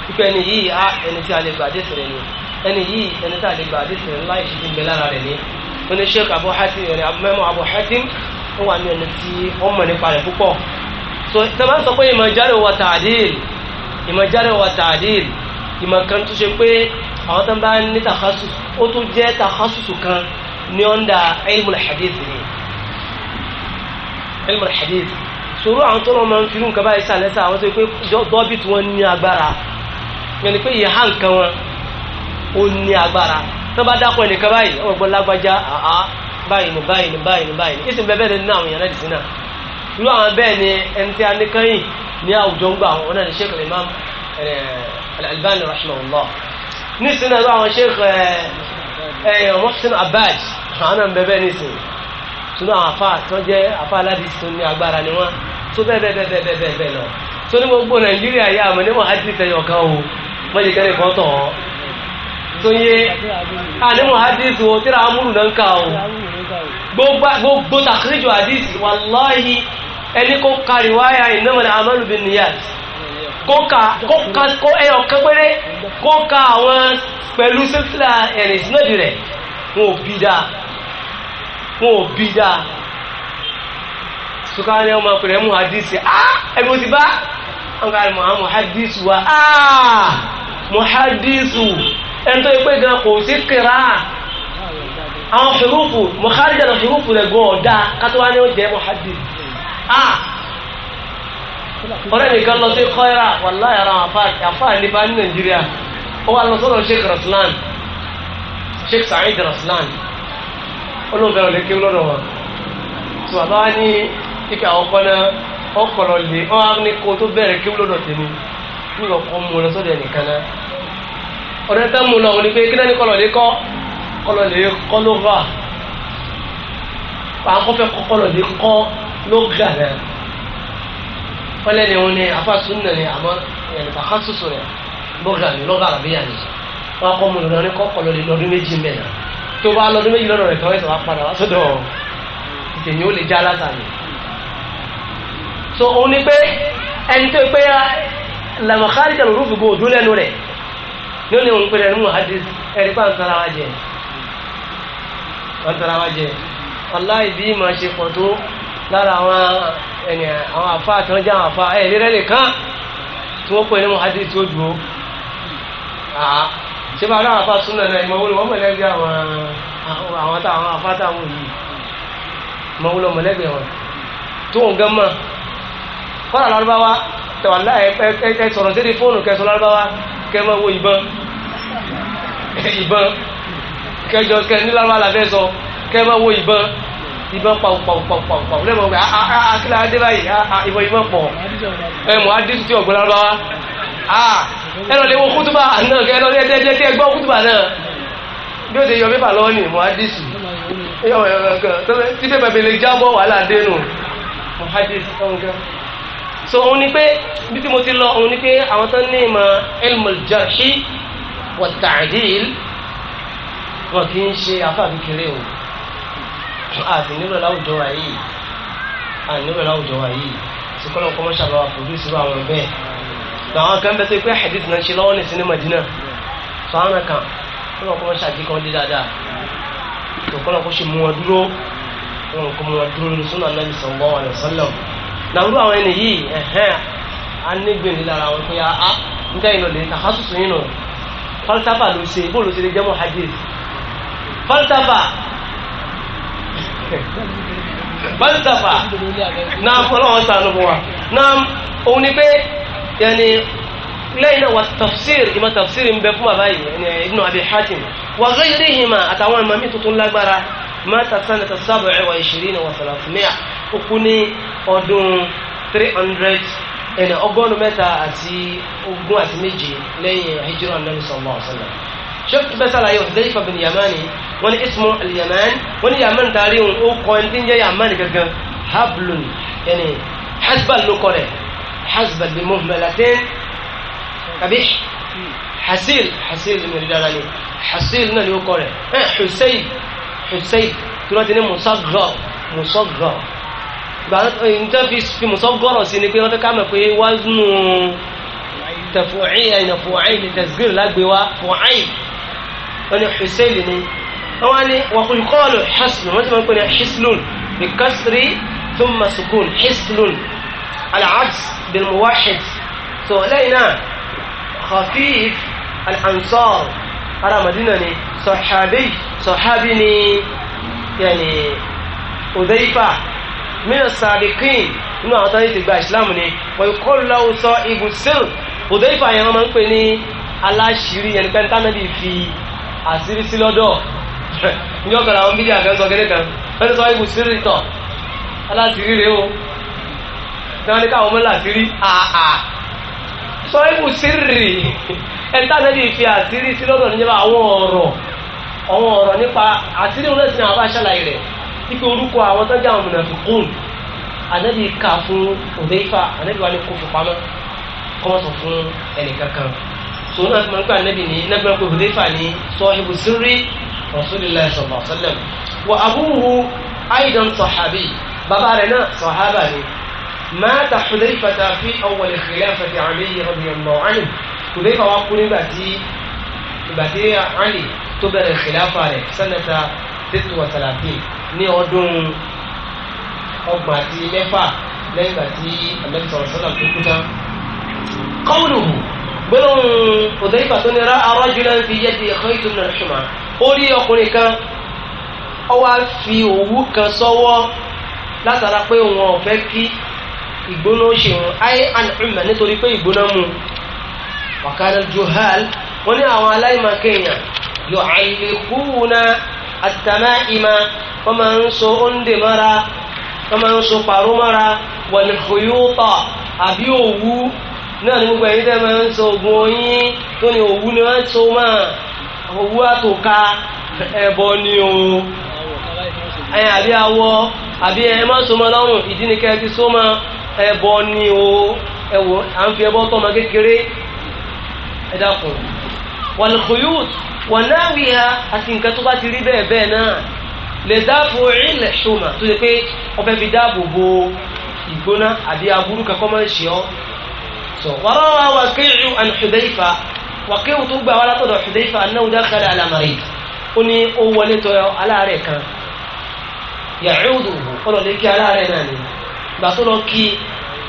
S1: ife ẹni yìí á ẹni tí a lè gba àdéhùn rẹ ni ẹni yìí ẹni tí a lè gba àdéhùn rẹ láì ṣe bẹ lára rẹ ni ẹni sheikh abu hatim ẹni mẹ́mọ́ abu hatim ó wà ní ẹni tí wọ́n mọ̀ nípa rẹ̀ púpọ̀ so tẹ́lẹ̀ máa ń sọ pé ìmọ̀ jarhi wa ta'dil ìmọ̀ jarhi wa ìmọ̀ kan tó ṣe pé àwọn tó ń bá ní takhasus ó tún jẹ́ takhasus kan ní ọ́ndà ilmul hadith ni ilmul hadith sòrò àwọn tó lọ́ máa ń fi nǹkan báyìí sàlẹ́sà àwọn tó yẹ pé dọ́bì tí wọ́n ní agbára yẹn ni pé ìhà nǹkan wọn ó ní agbára tó bá dákọ̀ ẹnìkan báyìí ọmọ gbọ́n lágbájá àá báyìí ni báyìí ni báyìí ni báyìí ìsìn bẹ́ẹ̀ bẹ́ẹ̀ nínú àwọn èèyàn náà dìsínà àwọn bẹ́ẹ̀ ni ẹni tí a ní nísìnyí náà àwọn sheikh ẹ Muhsin Abbad àwọn náà ń bẹ bẹ́ẹ̀ nísìnyí tunu àwọn afa tó jẹ́ afa aládìsí tó ní agbára ni wọ́n tó bẹ́ẹ̀ bẹ́ẹ̀ bẹ́ẹ̀ bẹ́ẹ̀ bẹ́ẹ̀ bẹ́ẹ̀ lọ tó ní gbogbo Nàìjíríà yá àmọ́ ní mohadi tẹ̀yọ̀ kan o mọ̀jẹ̀ kẹ́lẹ́ kan tọ̀ ọ́ tó yé àní mohadi tó o tíra amúlù náà ń ka o gbogbo takiriju hadith wàláhi ẹni kó kárí wáyà ìnáwó ni amalu bin niyat kó ka kó ka kó ẹyọ kan péré kó ka àwọn pẹ̀lú sísílà ẹ̀rìn sínúdì rẹ̀ wọn ò bí dáa wọn ò bí dáa sùkà ni ọmọ pẹ̀lú ẹ̀mú hadisi ah ẹ̀mú ti bá wọn kà mọ̀ àmọ̀ ah, hadisi wa ah mọ̀ hadisi ẹni tó yẹ pé gan kò sí kira àwọn fìrúfù mọ̀ kárí jẹ́ lọ fìrúfù rẹ̀ gan ọ̀dà kátó wá ní ó jẹ́ mọ̀ hadisi ah ọ̀rẹ́ nìkan lọ sí kọ́ra wàláyà ara àfáà nípa ní nàìjíríà ó wà lọ sọ́dọ̀ sheikh raslan sheikh sa'id raslan olóòfẹ́ ò lè kí lọ́dọ̀ wọn tó bàbá wa ní ike àwọn kan náà ọpọlọ lè wọn á ní kó tó bẹ̀rẹ̀ kí lọ́dọ̀ tèmi ní ọkọ mu lọ sọ́dọ̀ nìkan náà ọ̀rẹ́ tẹ́ mu lọ òun ni pé kí náà ní kọlọ̀ lè kọ́ kọlọ̀ lè kọ́ ló bá àwọn kọfẹ́ kọlọ̀ lè kọ́ ló gà náà wọ́n ní wọn ní afásùn náà ní àmọ́ ẹ̀rọ fàkásùsù rẹ̀ lọ́gà ní lọ́gà àbíyá ni wọ́n kọ́ mu lọ́dún ní kọ́kọ́ lọ́dún lọ́dún méjì ń bẹ̀ náà tó bá lọ́dún méjì lọ́dún rẹ̀ tó ẹ̀sẹ̀ wá padà wá sọ́dọ̀ tèmi ó lè já látàmì. so òun ni pé ẹni tó pé lamakari tẹ̀lé olúfi gbó òdú lẹ́nu rẹ̀ ní ó ní òun pèrè nínú e ẹ̀rí pa ntara wa jẹ ntara wa jẹ ọlá ìbí máa ṣe pọ̀ tó lára àwọn ẹni àwọn àfa tí àwọn àfa ẹ̀ lérẹ́ nìkan tí wọ́n pè ní muhadi tí ó dúró ṣé bá láwọn àfa súnà náà ìmọ̀ wọ́n mọ̀lẹ́bí àwọn àwọn táwọn àfa táwọn yìí ìmọ̀ mọ̀lẹ́bí wọn tó ń gán mọ̀ kọ́ra lárúbáwá tẹ̀wà láì ẹ sọ̀rọ̀ sí fóònù kẹsọ lárúbáwá kẹ mọ́ wo ìbọn ìbọn kẹjọ kẹ ní lárúbáwá làbẹ́ sọ kẹ mọ́ wo ìbọn ìbọn pàwùpàwùpàwùpàwù lẹ́mọ̀ wẹ̀ akílá adé báyìí ìbọn ìbọn pọ̀ ẹ mọ̀ adéṣu tí ọ̀gbọ́n lára wa ẹ lọ lè wo kútùbà náà kẹ ẹ lọ lè dẹ́jẹ́ tẹ́ gbọ́ kútùbà náà bí ó ti yọ pépà lọ́wọ́ ni mọ̀ adéṣu tí pépà bèlè jábọ̀ wàhálà dénú mọ̀ adéṣu ọ̀gá so òun ni pé bí tí mo ti lọ òun ni pé àwọn tó ní ìmọ̀ ilmul jarhi wa ta'dil wọn kì í ṣe afáàbí kéré o. àti nílò láwùjọ wa yìí àti nílò láwùjọ wa yìí tí kọ́mọ́ ṣàlọ́ àpòjú ìṣirò àwọn bẹ́ẹ̀ làwọn kan bẹ́ẹ̀ pé hadith náà ṣe lọ́wọ́ ní Madina kan kọ́nà kọ́mọ́ ṣàdí kan dé dáadáa tó kọ́nà kó ṣe mú wọn dúró wọn kò mú wọn dúró ní sunan Nabi sallallahu alaihi wasallam làwùrú àwọn ẹni yìí ẹ̀hẹ́n á nígbè ní lára wọn pé a ah, ah, níta ìlọ lè yìí nù ló ṣe bó ló ṣe lè jẹ́ mọ́ hadith bàtàfà náà ọlọ́run sànù fún wa náà òun ni pé yẹni lẹ́yìn náà tafsir ìmọ̀ tafsir ń bẹ fún bàbá ibnu abi hatim wà ghayrihima àtàwọn ìmọ̀ mi tuntun lágbára sabu sanata sábẹ̀ wà ìṣirina wà sàlàfùmíà òkú ní ọdún three hundred ẹnì ati ún ati àti ogún àti méje hijira anabi sheikh tó bẹ́ẹ̀ sàlàyé Hudhayfa bin Yamani wọ́n ní ismu al-Yaman wọ́n ní yaman taari òun ó kọ́ ẹni tí ń jẹ́ yaman gangan hablun ẹni hasbal ló kọ́ rẹ̀ hasbal bí muhmalatin tàbí hasil hasil ní ìdára ni hasil náà ni ó kọ́ rẹ̀ ẹ̀ hussein hussein tí wọ́n ti ní musagra musagra ìgbà fi musagra sí ni pé wọ́n fẹ́ ká mọ̀ pé wá nù tẹ̀fọ̀ọ́yìn ẹ̀yìn fọ̀ọ́yìn ní tẹ̀sígìrì lágbèwá fọ̀ọ́yìn wọ́n ní hussein ni wọ́n ní wàkùnkọ́ọ̀lù haslun wọ́n ti máa ń pè ní hislun bí kásìrì thumma sukun hislun al'abs bin muwahid so lẹ́yìn náà khafif al'ansar ara madina ni sahabi sahabi ni yani udaifa min as-sabiqin inú àwọn tán ti gba ìsìláàmù ni wọ́n kọ́ lọ́wọ́ sọ ibùsílù udaifa yẹn wọ́n máa ń pè ní aláṣìírí ẹnikẹ́ni tánàbí fi àṣírí sí lọ́dọ̀ ní ọ̀kadà àwọn mídíà kan sọ kékeré kan fẹ́ẹ́ sọ ibù sí rìtọ̀ aláṣírí rèé o tí wọ́n ní káwọn mọ́lá àṣírí àà sọ ibù sí rì ẹ̀ta lẹ́dí fi àṣírí sí lọ́dọ̀ níjẹba àwọn ọ̀rọ̀ àwọn ọ̀rọ̀ nípa àṣírí òun lẹ́sìn àwọn aṣáláyé rẹ̀ ipe orúkọ àwọn tó jẹ́ àwọn mùnàfíkún ànábì ká fún òdeifa ànábì wà ní kófù pamọ́ kọ́mọ́sọ̀ fún ẹnìkankan tòun náà ti máa ń gbà nẹ́bì ní nẹ́bì pé hudhaifa ní sahibu sirri rasulillah sallallahu alaihi wasallam wa abuhu aidan sahabi bàbá rẹ̀ náà sahaba ni mata hudhaifata fi awwal khilafati ali radiyallahu anhu hudhaifa wa kú nígbà tí ìgbà tí ali tó bẹ̀rẹ̀ khilafa rẹ̀ sanata tètè wa talatin ní ọdún ọgbọ̀n àti mẹ́fà lẹ́yìn ìgbà tí àmẹ́tọ̀ sọ́nà tó kú tán qawluhu gbólóhùn òtẹ́yìnbà tó ní rajulan fi yadihi khaytun min al-humma ó rí ọkùnrin kan ó wá fi òwú kan sọ́wọ́ látara pé wọn ò fẹ́ kí ìgbóná ó ṣe wọn ayé ànàmà nítorí pé ìgbóná mu wa kana wọn ní àwọn aláìmọ̀ kéèyàn yu'alliquna at-tama'ima wọ́n máa ń so oúnjẹ mọ́ra wọ́n máa ń so pàrọ́ mọ́ra wal khuyuta àbí òwú na ní gbogbo ẹ̀yin ma ń sọ oògùn oyin tó ní òwú ni so òwú ẹ̀bọ ni o
S3: ẹ̀yìn àbí awọ
S1: àbí ẹ̀ má so máa lọ́rùn ìdí ni ti so máa ẹ̀bọ ni o ẹ̀wọ̀ à ń fi ẹbọ tọ́ ma kékeré ẹ dákun wàlùkùyùt wànáwìá àti nǹkan tó bá ti rí bẹ́ẹ̀ bẹ́ẹ̀ náà lè dáàbò ilẹ̀ ṣùmà tó ṣe pé ọbẹ̀ fi dáàbò bo ìgbóná àbí aburú so wàrọ̀wà wàkíyù an Hudayfa wàkíyù tó gbà wà látọ̀dọ̀ Hudayfa annahu dakhala ala marid ó ní ó wọlé tọyọ aláàárẹ̀ kan yàrúdù ọlọ́ lè kí aláàárẹ̀ náà ni gbà tó lọ kí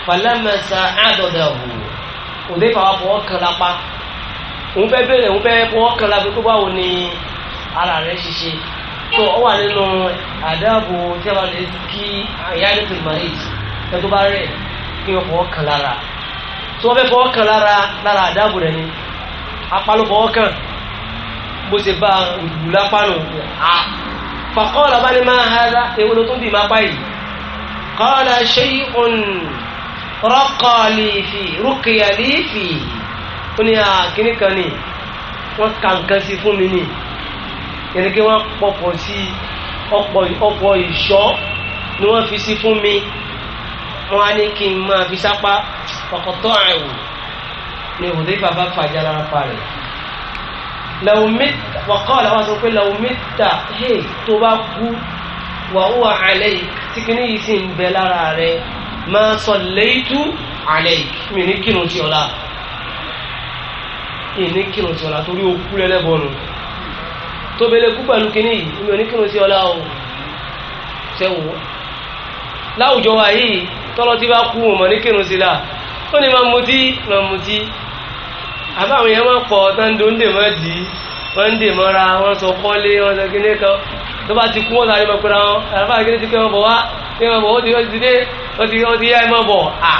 S1: falamasa àdọ̀dàwù Hudayfa wà fọwọ́ kan lápá òun fẹ́ bèrè òun fẹ́ fọwọ́ kan lápá tó báwo ni ara rẹ̀ ṣiṣẹ́ tó wà nínú àdáàbò tí a bá lè kí àyálẹ̀ tó ìmọ̀ èyí tó bá rẹ̀ kí wọ́n fọwọ́ kan lára tí wọ́n fẹ́ fọwọ́ kàn lára lára àdáàbò rẹ̀ ni apá ló fọwọ́ kàn bó ṣe bá òdùdù lápá nù á fàkọ́ọ̀lá bá ní máa hádá ewu ló tún dì máa pa yìí kọ́ọ̀lá ṣe ìhùn rọ́kọ̀ọ̀lì ìfì rúkìyàlì ìfì ó ní àkíní kan ni wọ́n ka nǹkan sí fún mi ni yẹni kí wọ́n pọ̀pọ̀ sí ọ̀pọ̀ ìṣọ́ ni wọ́n fi sí fún mi wọn á ní kí n máa fi sápá ọ̀kọ̀tọ̀ àìwò ni òde bàbá fàjà lára pa rẹ̀ lẹ́wọ̀mẹ́ta wàkọ́ làwọn sọ pé lẹ́wọ̀mẹ́ta hey tó bá kú wà ó wà àlẹ́ yìí tí kìíní yìí sì ń bẹ lára rẹ̀ máa sọ lẹ́yìtú àlẹ́ yìí mi ní kírun tí ọ̀la ìní kírun tí ọ̀la torí o kú lẹ́lẹ́bọ̀nù tó kú pẹ̀lú kìíní yìí mi ò ní kírun tí ọ̀la o ṣẹ́wọ̀ láwùjọ wa yìí tọ́lọ́ tí bá kú wọn mọ̀ ní kírun sí la ó ní máa mutí máa mutí àbá àwọn èèyàn máa pọ̀ tando ń dè mọ́ dì í wọ́n ń dè mọ́ra wọ́n sọ kọ́lé wọ́n sọ kíní kan tó bá ti kú wọ́n sáré mọ́kúra wọn àbá kíní ti kẹ́ wọn bọ̀ wá kí wọn bọ̀ ó ti ti dé ó ti ó ti yá ẹ mọ́ bọ̀ à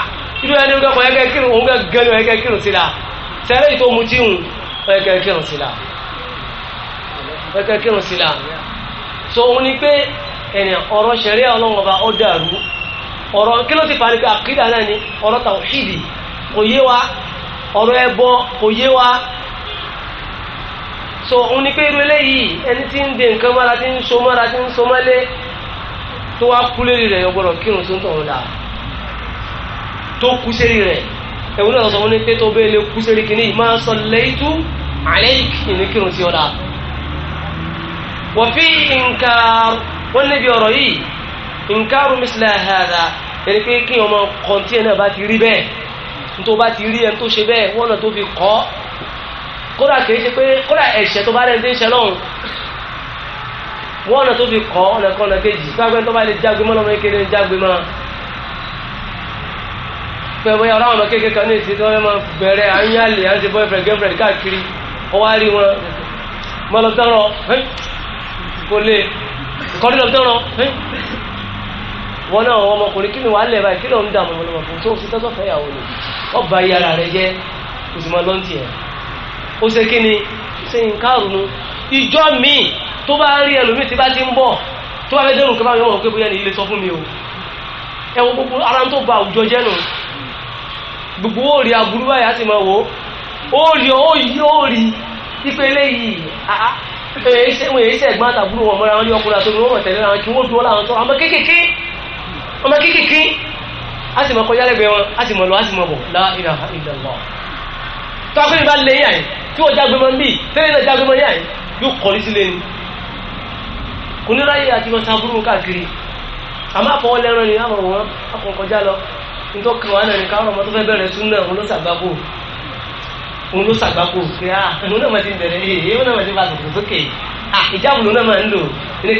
S1: irú ẹni wọn kọ́ ẹ̀kẹ́ kírun òun gẹ́gẹ́ ni ẹ̀kẹ́ kírun sí la sẹ́lẹ̀ yìí mutí hùn ẹ̀kẹ́ kírun sí la ẹ̀kẹ́ kírun sí la so òun ni pé ẹ̀nì ọ̀rọ̀ ṣẹ̀ríà ọlọ́run ó dàrú ọ̀rọ̀ kí ló ti parí pé àkídà náà ni ọ̀rọ̀ tàwíìdì kò yé wa ọ̀rọ̀ ẹbọ kò yé wa so òun ni pé irú eléyìí ẹni tí ń de nǹkan mọ́ra tí ń so mọ́ra tí ń so mọ́lé tó wá kú lérí rẹ̀ ọgbọ́dọ̀ kírun tó ń tọ̀hún dà tó kú sérí rẹ̀ ẹ̀wọ́n náà sọ fún ni pé tó bẹ́ẹ̀ lè kú sérí kìíní yìí máa sọ lẹ́yìtú àlẹ́ ìkíni kírun tí ó wọ́n fi nǹkan wọ́n níbi ọ̀rọ̀ yìí nkaru misla hada ẹni pé kí ọmọ kọ̀ǹtì ẹ̀ náà bá ti rí bẹ́ẹ̀ nítorí bá ti rí ẹ̀ tó ṣe bẹ́ẹ̀ wọ́n náà tó fi kọ́ kódà kìí ṣe pé kódà ẹ̀ṣẹ̀ tó bá rẹ̀ ń ṣe lọ́hùn wọ́n náà tó fi kọ́ ọ̀nà kan náà kejì sábẹ́ tó bá lè jágbe mọ́ lọ́mọ kékeré ń jágbe mọ́ pẹ̀lú ọ̀rọ̀ àwọn ọmọ kékeré kan ní ìsìn tí wọn náà ọmọkùnrin kí ni wàá lẹ̀ báyìí kí ló ń dààmú wọn ọmọkùnrin tó ń sitọ́ sọ́fẹ́ ìyàwó ni ọba ìyá ara rẹ jẹ́ kò sì máa lọ́ntì ẹ̀ ó ṣe kí ni ṣe ń kárùn ìjọ mi tó bá rí ẹlòmíì tí bá ti ń bọ̀ tó bá fẹ́ dẹ́rù kí bá yọ̀ wọ́n mi o ẹ̀wọ̀n gbogbo ara tó ba àwùjọ jẹ́ nù gbogbo ó rí báyìí á wò ó èyí wọn mọ́ra wọn ní ọkùnrin wọn tẹ̀lé ra wọn wọ́n dúró láwọn tó àwọn ọmọ kéékèèké a sì mọ kọjá lẹ́gbẹ̀ẹ́ wọn a sì mọ lọ a sì mọ bọ̀ la ilaha illallah tọ́kùn ìbá lè yà yìí tí wọ́n jágbe mọ́ bí tẹ́lẹ̀ náà jágbe mọ́ yà yìí yóò kọ́ ní sílé ni kò ní ráyè àti wọn sábúrú káàkiri àmọ́ àfọwọ́ lẹ́rọ ni àwọn wọn akọ̀ kọjá lọ nítorí kan wà náà ni káwọn ọmọ tó fẹ́ bẹ̀rẹ̀ sún náà òun ló sàgbákò òun ló sàgbákò pé à ah, òun náà máa ti bẹ̀rẹ̀ èyí eh, òun náà máa ti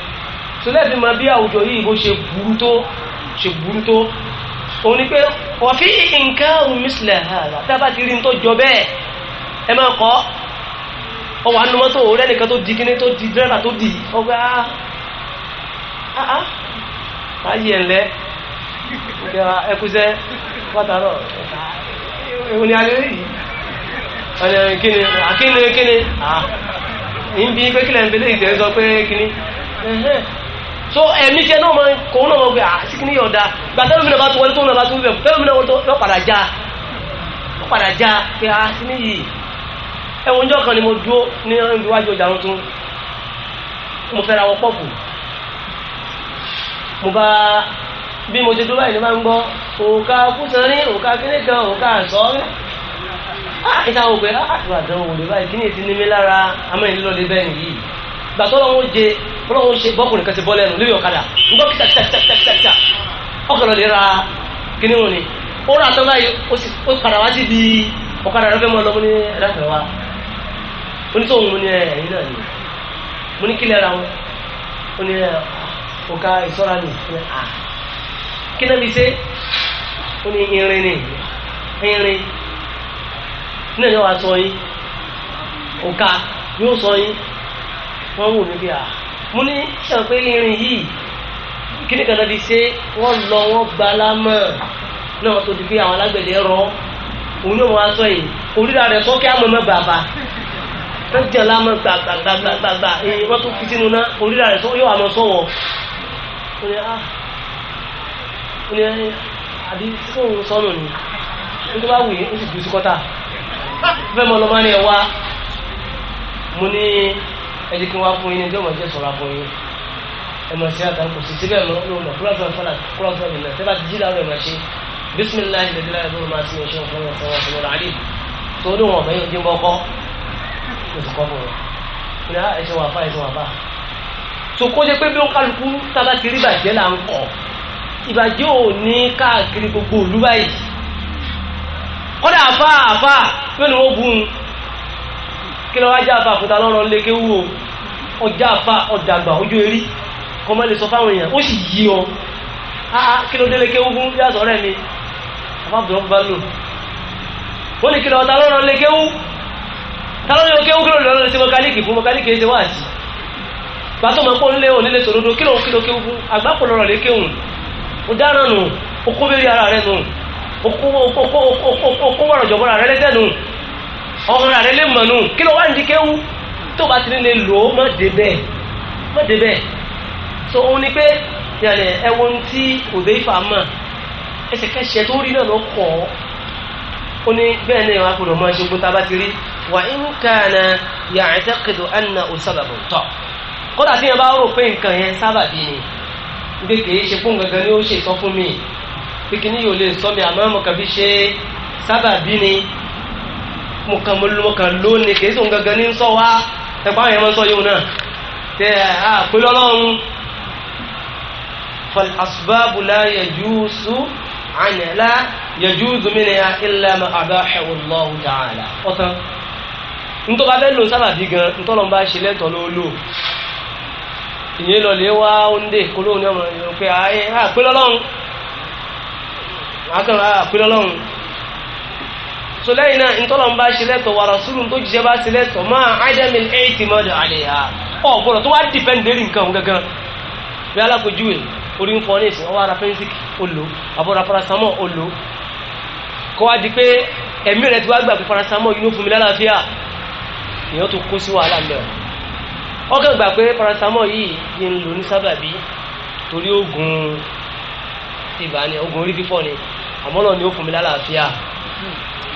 S1: tòlẹ́ẹ̀fì máa bí àwùjọ yìí bó ṣe burú tó ṣe burú tó òun ni pé wọ́fí nǹkan mísìlẹ̀ hàrà tá a bá ti rí tó jọ bẹ́ẹ̀ ẹ máa kọ́ ọwọ́ anumọ́tò rẹ nìkan tó di kíní tó di dírẹ́bà tó di ọgbà áá ayé ẹ̀lẹ́ ẹkùsẹ́ pátárọ̀ ẹ̀wọ̀n ni a lè rí ẹ̀lẹ́ ah, kíni kíni kíni ah, ń bí pé kílẹ̀ ń belé ìtẹ́ sọ pé kíni so ẹ̀mí tiẹ̀ náà máa ń kó náà máa gbé àti ah, kí ni yọ̀ da gba tẹ́lẹ̀ mi náà bá tó wọlé tó náà bá tó bẹ̀ tẹ́lẹ̀ mi náà tó yọ padà já yọ padà já pé a ah, ní yìí ẹ̀wọ̀n ọjọ́ kan ni mo dúró ní iwájú ọjà wọn tún mo fẹ́ ra wọ pọ́ọ̀pù mo bá bí mo ti dúró báyìí ni máa ń gbọ́ òkà kúsanrín òkà kíní kan òkà àṣọ ah, ìta ògbẹ́ àtúwàdàn òwòlè báyìí kíní gbàtọ́ lọ́wọ́ jẹ fọlọ́wọ́ ṣe bọ́kùnrin kan ti bọ́ lẹ́nu lórí ọ̀kadà ngbọ́ kìtàkìtàkìtà ọkọlọ lè ra kíní wọn ni ó rà tán báyìí ó padà wá sí bí ọ̀kadà rẹ fẹ́ mọ́ lọ́mú ní ẹ̀dáfẹ́ wa onítọ̀hún mo ní ẹ̀yìn náà ni mo ní kílẹ̀ ra wọn ó ní ọ̀ka ìṣọ́ra ni kí náà mi ṣe ó ní irin ni irin náà ni wàá sọ yín ọ̀ka yóò sọ yín wọ́n wò níbi à ah, mo ní sàn pé irin yìí kíni kan lọ́bi ṣe wọ́n lọ wọ́n gba lámọ̀ náà tó di pé àwọn alágbẹ̀dẹ rọ òun yóò wá sọ yìí oríra rẹ̀ kọ́ kí á mọ̀ mọ́ bàbà wọ́n jẹ́ lámọ̀ gbàgbàgbàgbà èyí wọ́n tún fi sínú náà oríra rẹ̀ yóò wà mọ́ sọ̀wọ́ ó ní á ah. ó ní àbí fóun sọnù ni nígbà bá wù yín ó sì dùn sí kọ́tà fẹ́ mọ́ lọ́mọ́ ni ẹ̀ wá mo ní ẹ jẹ́ kí wọ́n á fún yín ní ọmọ jẹ́ sọ̀rọ̀ àfún yín ẹ mọ̀ sí àtàkùn kò sì síbẹ̀ mọ́ ló mọ̀ kúrọ̀tọ̀ fọlá kúrọ̀tọ̀ nìyà tẹ́ bá ti jí láàárọ̀ ẹ̀mọ̀ ṣe bisimilahi ndedila ẹ̀ bọ́ọ̀ máa sinmi ṣẹ́wọ̀n fún ọ̀sán wọn sọ̀rọ̀ àdé torí wọn ọ̀bẹ yóò dín bọ́ kọ́ olùkọ́ fún wọn ní ah, ẹ̀ṣẹ̀ wà fà ẹ̀ṣẹ̀ wà fà. tó kó jẹ́ pé bí wọ́n kálukú tábà ti rí bàjẹ́ là ń kọ̀ ìbàjẹ́ ò ní káàkiri gbogbo òlú báyìí kọ́dà àfà àfà yóò ní wọ́n bu kí lọ́wọ́ ajá àfa àfúta lọ́rọ̀ léke wú o ọjà àfa ọ̀dàgbà ojú erí kọ́mọ́ lè sọ fáwọn èèyàn ó sì yí ọ áá kí ló dé léke wú fún bí àtọ̀rẹ́ mi àfa àbùdó bá lò ó ní kí lọ́wọ́ ta lọ́rọ̀ léke wú ta lọ́rọ̀ léke wú kí lọ́rọ̀ lè ṣe mọkálíkì fún mọkálíkì ṣe wáàsì gbàtọ́ mọ̀ pé ó ń lé òní lè sòdodo kí lóun kí ló kéwu ọ̀rọ̀ rẹ lè mọ̀nù kí ló wá ní kéwú tó bá ti ní lè lò ó mọ̀ débẹ̀ mọ̀ débẹ̀ so òun ni pé yàrá ẹwọ ń tí òde ìfà mọ̀ ẹsẹ̀kẹsẹ̀ tó rí náà ló kọ̀ ọ́ ó ní bẹ́ẹ̀ ni wàá gbọdọ̀ máa ṣe gbọ́ta bá ti rí wà ń kàna ya'taqidu anna òṣàlàbọ̀ tọ̀ kódà tí yẹn bá rò pé nǹkan yẹn sábàbí ni gbé kìí ṣe fún gangan ni ó ṣe sọ fún mi pé kí yóò lè sọ mi àmọ́ mo kàn fi ṣe sábàbí ni mo kàn mo lọ kàn lónìí kì í sùn gangan ní sọ wá ẹ̀pá yẹn máa ń sọ yóò náà tẹ àpèlú ọlọ́run fal asbabu la yajusu ànyà la yajusu minha illa ma abahahu Allahu ta'ala ọ̀tán ntọ́ba bẹ́ẹ̀ lò sábàbí gan ntọ́lọ́n bá ṣe lẹ́tọ̀ ló lò ìyẹn lọ lè wá oúnjẹ kólóhùn ní ọmọ ìyẹn pé àpèlú ọlọ́run àkàrà àpèlú ọlọ́run so lẹ́yìn náà ntọ́lọ́n bá ṣe lẹ́tọ̀ wàrà sùúrù tó jíjẹ bá ṣe lẹ́tọ̀ máa ádámì ẹ̀ẹ́tì mọ́dọ̀ àlèyà ọ̀ gbọ́dọ̀ tó wá dìpẹ́ǹdì lérí nǹkan òun gangan bí alákojúwe orí ń fọ ní ìsìn ọwọ́ ara fẹ́ńsìkì olò àbọ̀dà parasamọ́ olò kọ́ wá di pé ẹ̀mí rẹ̀ ti wá gbà pé parasamọ́ yìí ló fún mi lálàáfíà èèyàn tó kó sí wàhálà ń bẹ̀ ọ́ pé parasamọ́ yìí yìí ń lò ní sábàbí torí oògùn ibà ni oògùn orí fífọ́ ni àmọ́ náà ni ó fún mi lálàáfíà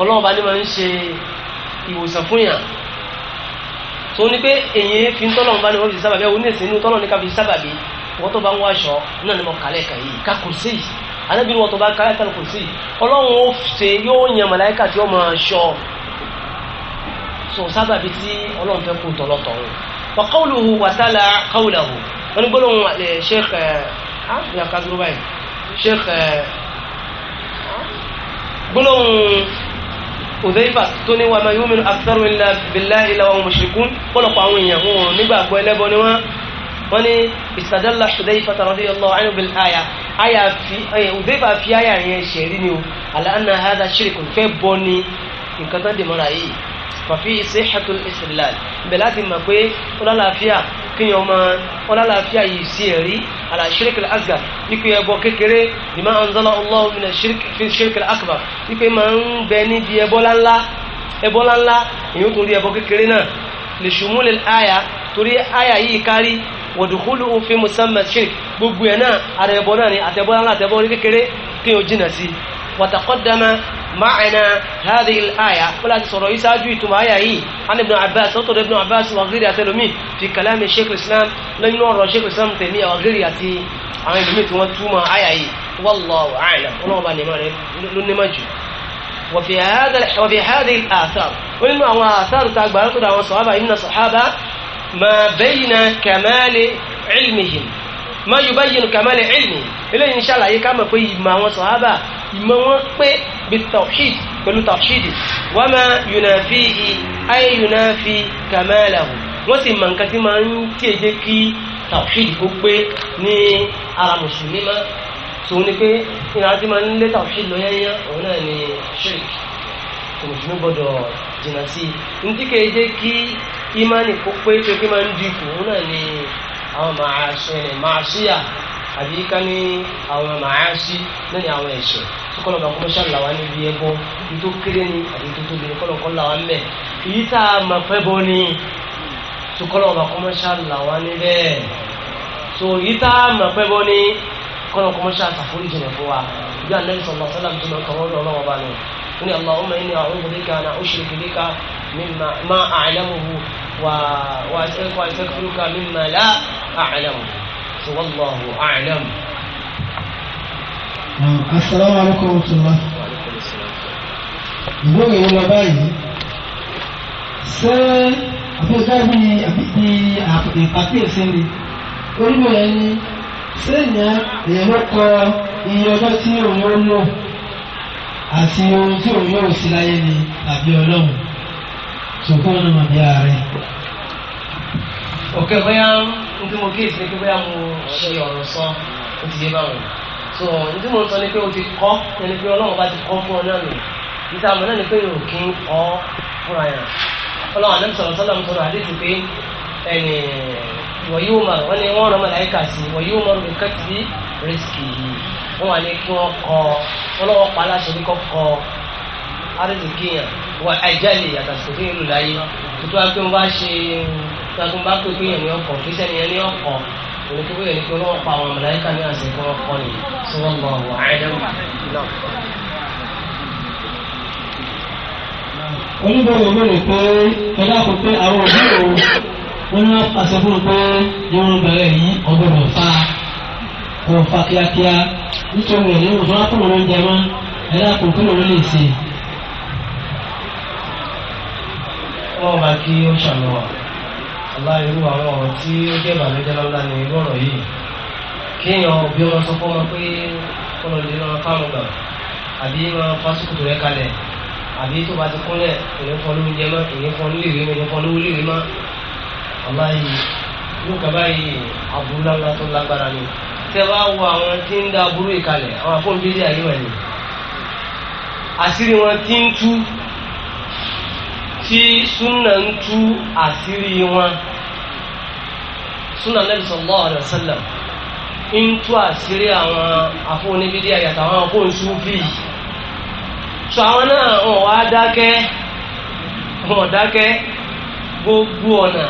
S1: ọlọ́run bá ní máa ń ṣe ìwòsàn fún yàn tó ní pé èyí fi ń tọ́lọ́run bá ní wọ́n fi sábàbí ẹ̀ oníṣẹ́ inú tọ́lọ́run ní ká fi sábàbí wọ́n tó bá ń wọ aṣọ náà ni mo kàlẹ́ kà yìí ká kùrùsí yìí anábì ni wọ́n tó bá kàlẹ́ kà kùrùsí yìí ọlọ́run ó ṣe yóò yan màláìkà tí ó máa ṣọ so sábàbí tí ọlọ́run fẹ́ kú tọ́lọ́tọ̀ wọn. wa qawluhu wa tala qawlahu wọn ni gbólóhùn eh, sheikh eh, ah, eh, ah, gbólóhùn Udayfa tó ní wa ma yu'minu aktharu billahi illa wa hum mushrikun pọ̀lọpọ̀ àwọn èèyàn wọn nígbàgbọ́ ẹlẹ́bọ ni wọ́n wọ́n ní istadalla Udayfa radiyallahu anhu bil aya aya fi Udayfa fi aya yẹn ṣẹ̀rí ni o ala anna hadha shirkun fẹ́ bọ́ ni nǹkan tán dè mọ́ra yìí fàfi sihhatul istidlal ibẹ̀ láti mọ̀ pé ọlọ́láfíà kínyàn ọmọ ọlọ́láfíà yìí sí ẹ̀rí ala shirk al-asghar wípé ẹbọ kékeré bima anzala Allahu min shirk fi shirk al-akbar wípé máa ń bẹ níbi ẹbọ láńlá ẹbọ láńlá èyí ó tún rí ẹbọ kékeré náà li shumulil àyà torí àyà yìí kárí wọ̀dùkúlù fi musamman shirk gbogbo ẹ̀ náà àrẹ̀bọ̀ náà ni àtẹ̀bọ̀ معنى هذه الآية ولا تصروا يساجوا يتم آية عن ابن عباس نطر ابن عباس وغير أتلومي في كلام الشيخ الإسلام لن ينور الشيخ الإسلام تيمية وغير أتي عن ابن ثم آية والله أعلم ونوع بني لنمجي وفي هذا وفي هذه الآثار وإنه هو آثار تأكبر قد عن الصحابة إن الصحابة ما بين كمال علمهم ما يبين كمال علمهم إلا إن شاء الله يكمل في ما هو صحابة ما هو بالتوحيد pẹ̀lú tawhidi wama yunafihi ay yunafi kamalahu wọ́n sì mọ̀ nǹkan tí máa ń ma jẹ́ kí tawhidi ó gbé ní ara ni pé ìran tí máa ń lé tawhidi lọ yẹ́yẹ́ òun náà ni shirk mùsùlùmí gbọ́dọ̀ i ní tí kìí jẹ́ kí àbí ká ní àwọn màáṣí náà ní àwọn ẹ̀ṣẹ̀ tó kọ́ lọ́ba kọ́ mọ́ṣá làwa níbi ẹbọ ibi tó kéré ni àbí tó tóbi ni kọ́lọ́ kọ́ làwa ń bẹ̀ èyí tá a mọ̀ fẹ́ bọ́ ni tó kọ́ lọ́ba kọ́ mọ́ṣá làwa níbẹ̀ tó èyí tá a mọ̀ fẹ́ bọ́ ni kọ́lọ́ kọ́ mọ́ṣá àtàkùn ìjìnlẹ̀ fún wa bí anabi sọ̀rọ̀ sọ́lá tó lọ́ọ́ kọ́ lọ́wọ́ wa ni ó ní allahumma inni a'udhu bika an ushriku bika mimma ma a'lamuhu wa wa astaghfiruka mimma la a'lamuhu. so wallahu a'lam.
S2: asalaamu alaykum wa rahmatulah. ìbéèrè yìí lọ báyìí ṣé àfẹ́jáde àbíkí ìpàkíyèsí ni orílẹ̀ yẹn ah, ni ṣé ìyẹn èyí ló kọ iye ọjọ́ tí òun ó lò àti ohun tí òun yóò sí láyé ni
S1: n tí mo kéèsì ni pé bóyá mo ṣe ọ̀rọ̀ sọ ó ti yé báwọn so n tí mo sọ ni pé o ti kọ́ ẹni pé ọlọ́run bá ti kọ́ fún ọ náà nù níta àmọ́ náà ni pé yóò kí ọ fúnra yàn ọlọ́run àdéhùn sọ̀rọ̀ sọ́lá mi sọ̀rọ̀ àdéhùn pé ẹni wọ́n yóò wọ́n ni wọ́n rán màláìka sí wọ́n yóò máa rògbè kẹ́tì yìí wọ́n wà ní kí wọ́n kọ́ ọlọ́wọ́ pa aláṣẹ àrídìkì yẹn wà àjálè àtàkùn tó yẹn lò láyé tuntun akéwọn bá ṣe tuntun bá pé kéèyàn ní ọkọ fíṣẹ nìyẹn ní ọkọ òun tó yẹ ní kí wọn pa àwọn mọlẹ́kà ní àṣẹ kí wọn kọ ni
S2: tí wọn gbọ wọ àìdẹwò. oníbẹ̀rẹ̀ mi rè pé ẹ̀dá kò àwọn òbí o wọ́n ní àṣẹ fún un pé irun bẹ̀rẹ̀ yìí ọgbọ́dọ̀ fa kò fa kíákíá nítorí ẹ̀ ní òṣùwọ̀n kúrò lóúnjẹ mọ́ ẹ̀dá kò kúrò lè ṣe. ọlọ́run bá kí ó ṣàmì wà aláì
S1: irú àwọn ọ̀rọ̀ tí ó jẹ́ ìbànújẹ́ lọ́la ní irú ọ̀rọ̀ yìí kéèyàn òbí wọn sọ fún wọn pé kọ́nà lè lọ́wọ́ káwọn gbà àbí wọn fásitì rẹ kalẹ̀ àbí tó bá ti kúnlẹ̀ èyí fọ́ ló ń jẹ mọ́ èyí fọ́ ló lè rí mọ́ èyí fọ́ ló lè rí mọ́ aláì irú kaba yìí aburú lágbára tó lágbára ni tẹ́ bá wo àwọn tí ń da aburú ìkalẹ̀ àwọn afọ́nbíyà yìí wà ní àṣírí wọn ti ń tú tí súnà ń tú àṣírí wọn súnà Nabi sallallahu alaihi wasallam ń tú àṣírí àwọn afọ́nibídé àyàtọ̀ àwọn afọ́nsúfì sọ àwọn náà wọn wá dákẹ́ wọn dákẹ́ gbogbo ọ̀nà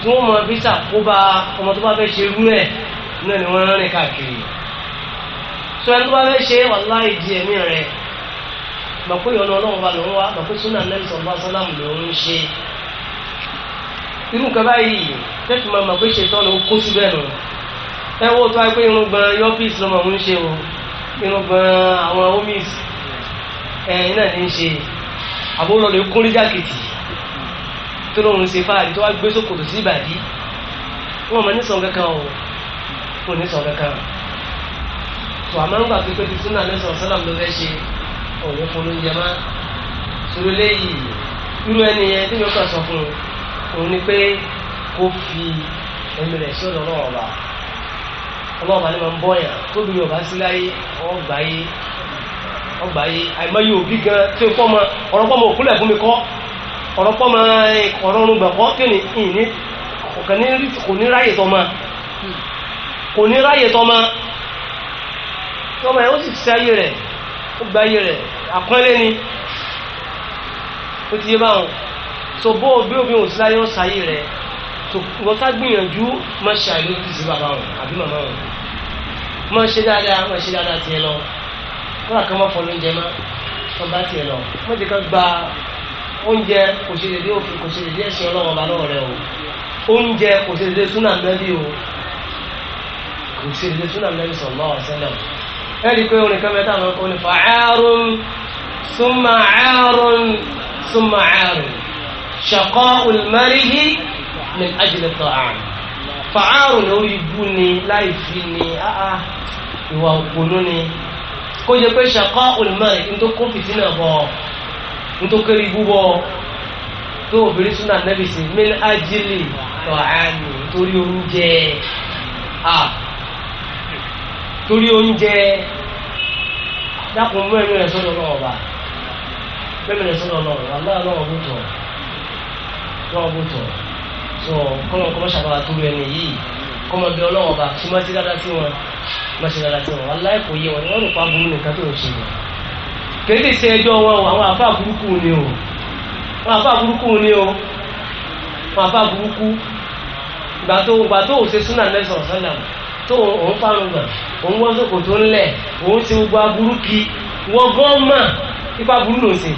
S1: tí wọ́n mọ bí sàkóbá ọmọ tó bá fẹ́ ṣe rú ẹ̀ náà ni wọ́n rìn káàkiri sọ ẹni tó bá fẹ́ ṣe wàláì di ẹ̀mí rẹ̀ mọ̀ pé ìyọnu ọlọ́run bá lòun wá mọ̀ pé súnà nẹ́bí sọ̀rọ̀ bá sọ́lá lòun ṣe irú nǹkan báyìí tẹ́tù máa mọ̀ pé ṣètọ́nù kó síbẹ̀ nù ẹ wo tó wáyé pé irun gbọ̀n yọ́pìs lọ́mọ ń ṣe o irun gbọ̀n àwọn homies ẹ̀ náà ní í ṣe àbúrò lè kún jákèjì tó lóun ṣe fáàrí tó wá gbé sókòtò sí ìbàdí wọn mọ̀ ní sọ̀n kankan o kò ní sọ̀n kankan tó àmọ́ ń gbà pé pé ti súnà nẹ́sọ̀rọ̀ sọ́lá òun ní polówó yẹ má sórí léyìí irú ẹni yẹn tí mi kàn sọ fún un òun ni pé kó fi ẹ̀mí rẹ̀ sí ọ̀dọ̀ ọlọ́wọ́ ọba ọlọ́wọ́ ọba ni mo ń bọ̀ yàn tóbi yorùbá sí láyé ọgbà yìí ọgbà yìí àìmọye òbí gan tí o kọ́ mọ ọ̀rọ̀ pọ́ mọ òkúlẹ̀ fún mi kọ́ ọ̀rọ̀ pọ́ mọ eh, ọ̀rọ̀ ọ̀run gbà kọ́ kí ni ìní kò ní ráyè tọ́ ma kò ní ráyè tọ́ ma tọ́ ma ó sì ṣe ayé rẹ̀ ó gba ayé rẹ̀ àpọ́nlé ni ó ti yé báwọn tó bó bí òbí òun síláyé ó sáyé rẹ̀ tó wọ́n ká gbìyànjú má ṣe àìló ti sí bàbá wọn àbí màmá wọn má ṣe dáadáa má ṣe dáadáa tiẹ̀ lọ kó làkàn má fọlọ́ oúnjẹ má tó bá tiẹ̀ lọ má jẹ́ ká gba oúnjẹ kò ṣe dédé òfin kò ṣe dédé ẹ̀sìn ọlọ́wọ́ bá lọ́wọ́ rẹ o oúnjẹ kò ṣe dédé súnà mẹ́bí o kò ṣe dédé súnà mẹ́bí sallallahu ẹ̀rí pé orin kan mẹ́ta àwọn orin fàárùn súnmà àárùn súnmà àárùn ṣàkọ́ olùmọ́ríyí ní ajílẹ̀tọ̀ àrùn fàárùn lórí ibú ni láì fi ni áá ìwà òpònú ni kó jẹ pé ṣàkọ́ olùmọ́rí ní tó kó fìtínà bọ̀ ní tó kéré ibú bọ̀ tó obìnrin súnà nẹ́bìsì ní ajílẹ̀tọ̀ àrùn torí oúnjẹ àà torí oúnjẹ dákun mú ẹnu rẹ sọ́dọ̀ náà wà mẹmẹ rẹ sọ́dọ̀ náà wà náà náà ọdún tọ náà ọdún tọ sọ kọlọ kọlọ ṣàbàbà torí ẹni yìí kọmọdé ọlọ́wọ́ bá tí wọ́n ti dáadáa sí wọn wọ́n ti dáadáa sí wọn aláì kò yé wọn wọ́n rò pa burú nìkan tó ń ṣe wọn. kéde ṣe ẹjọ́ wọn o àwọn àfa burúkú ni o àwọn àfa burúkú ni o àwọn àfa burúkú gbàtó gbàtó òṣèṣúná nẹ́sọ̀rọ̀ sọ́nà tó òun fárùngbà òun wọ́n sókò tó ń lẹ̀ òun ṣe gbogbo aburú kí wọ́n ipa burú ló ń ṣe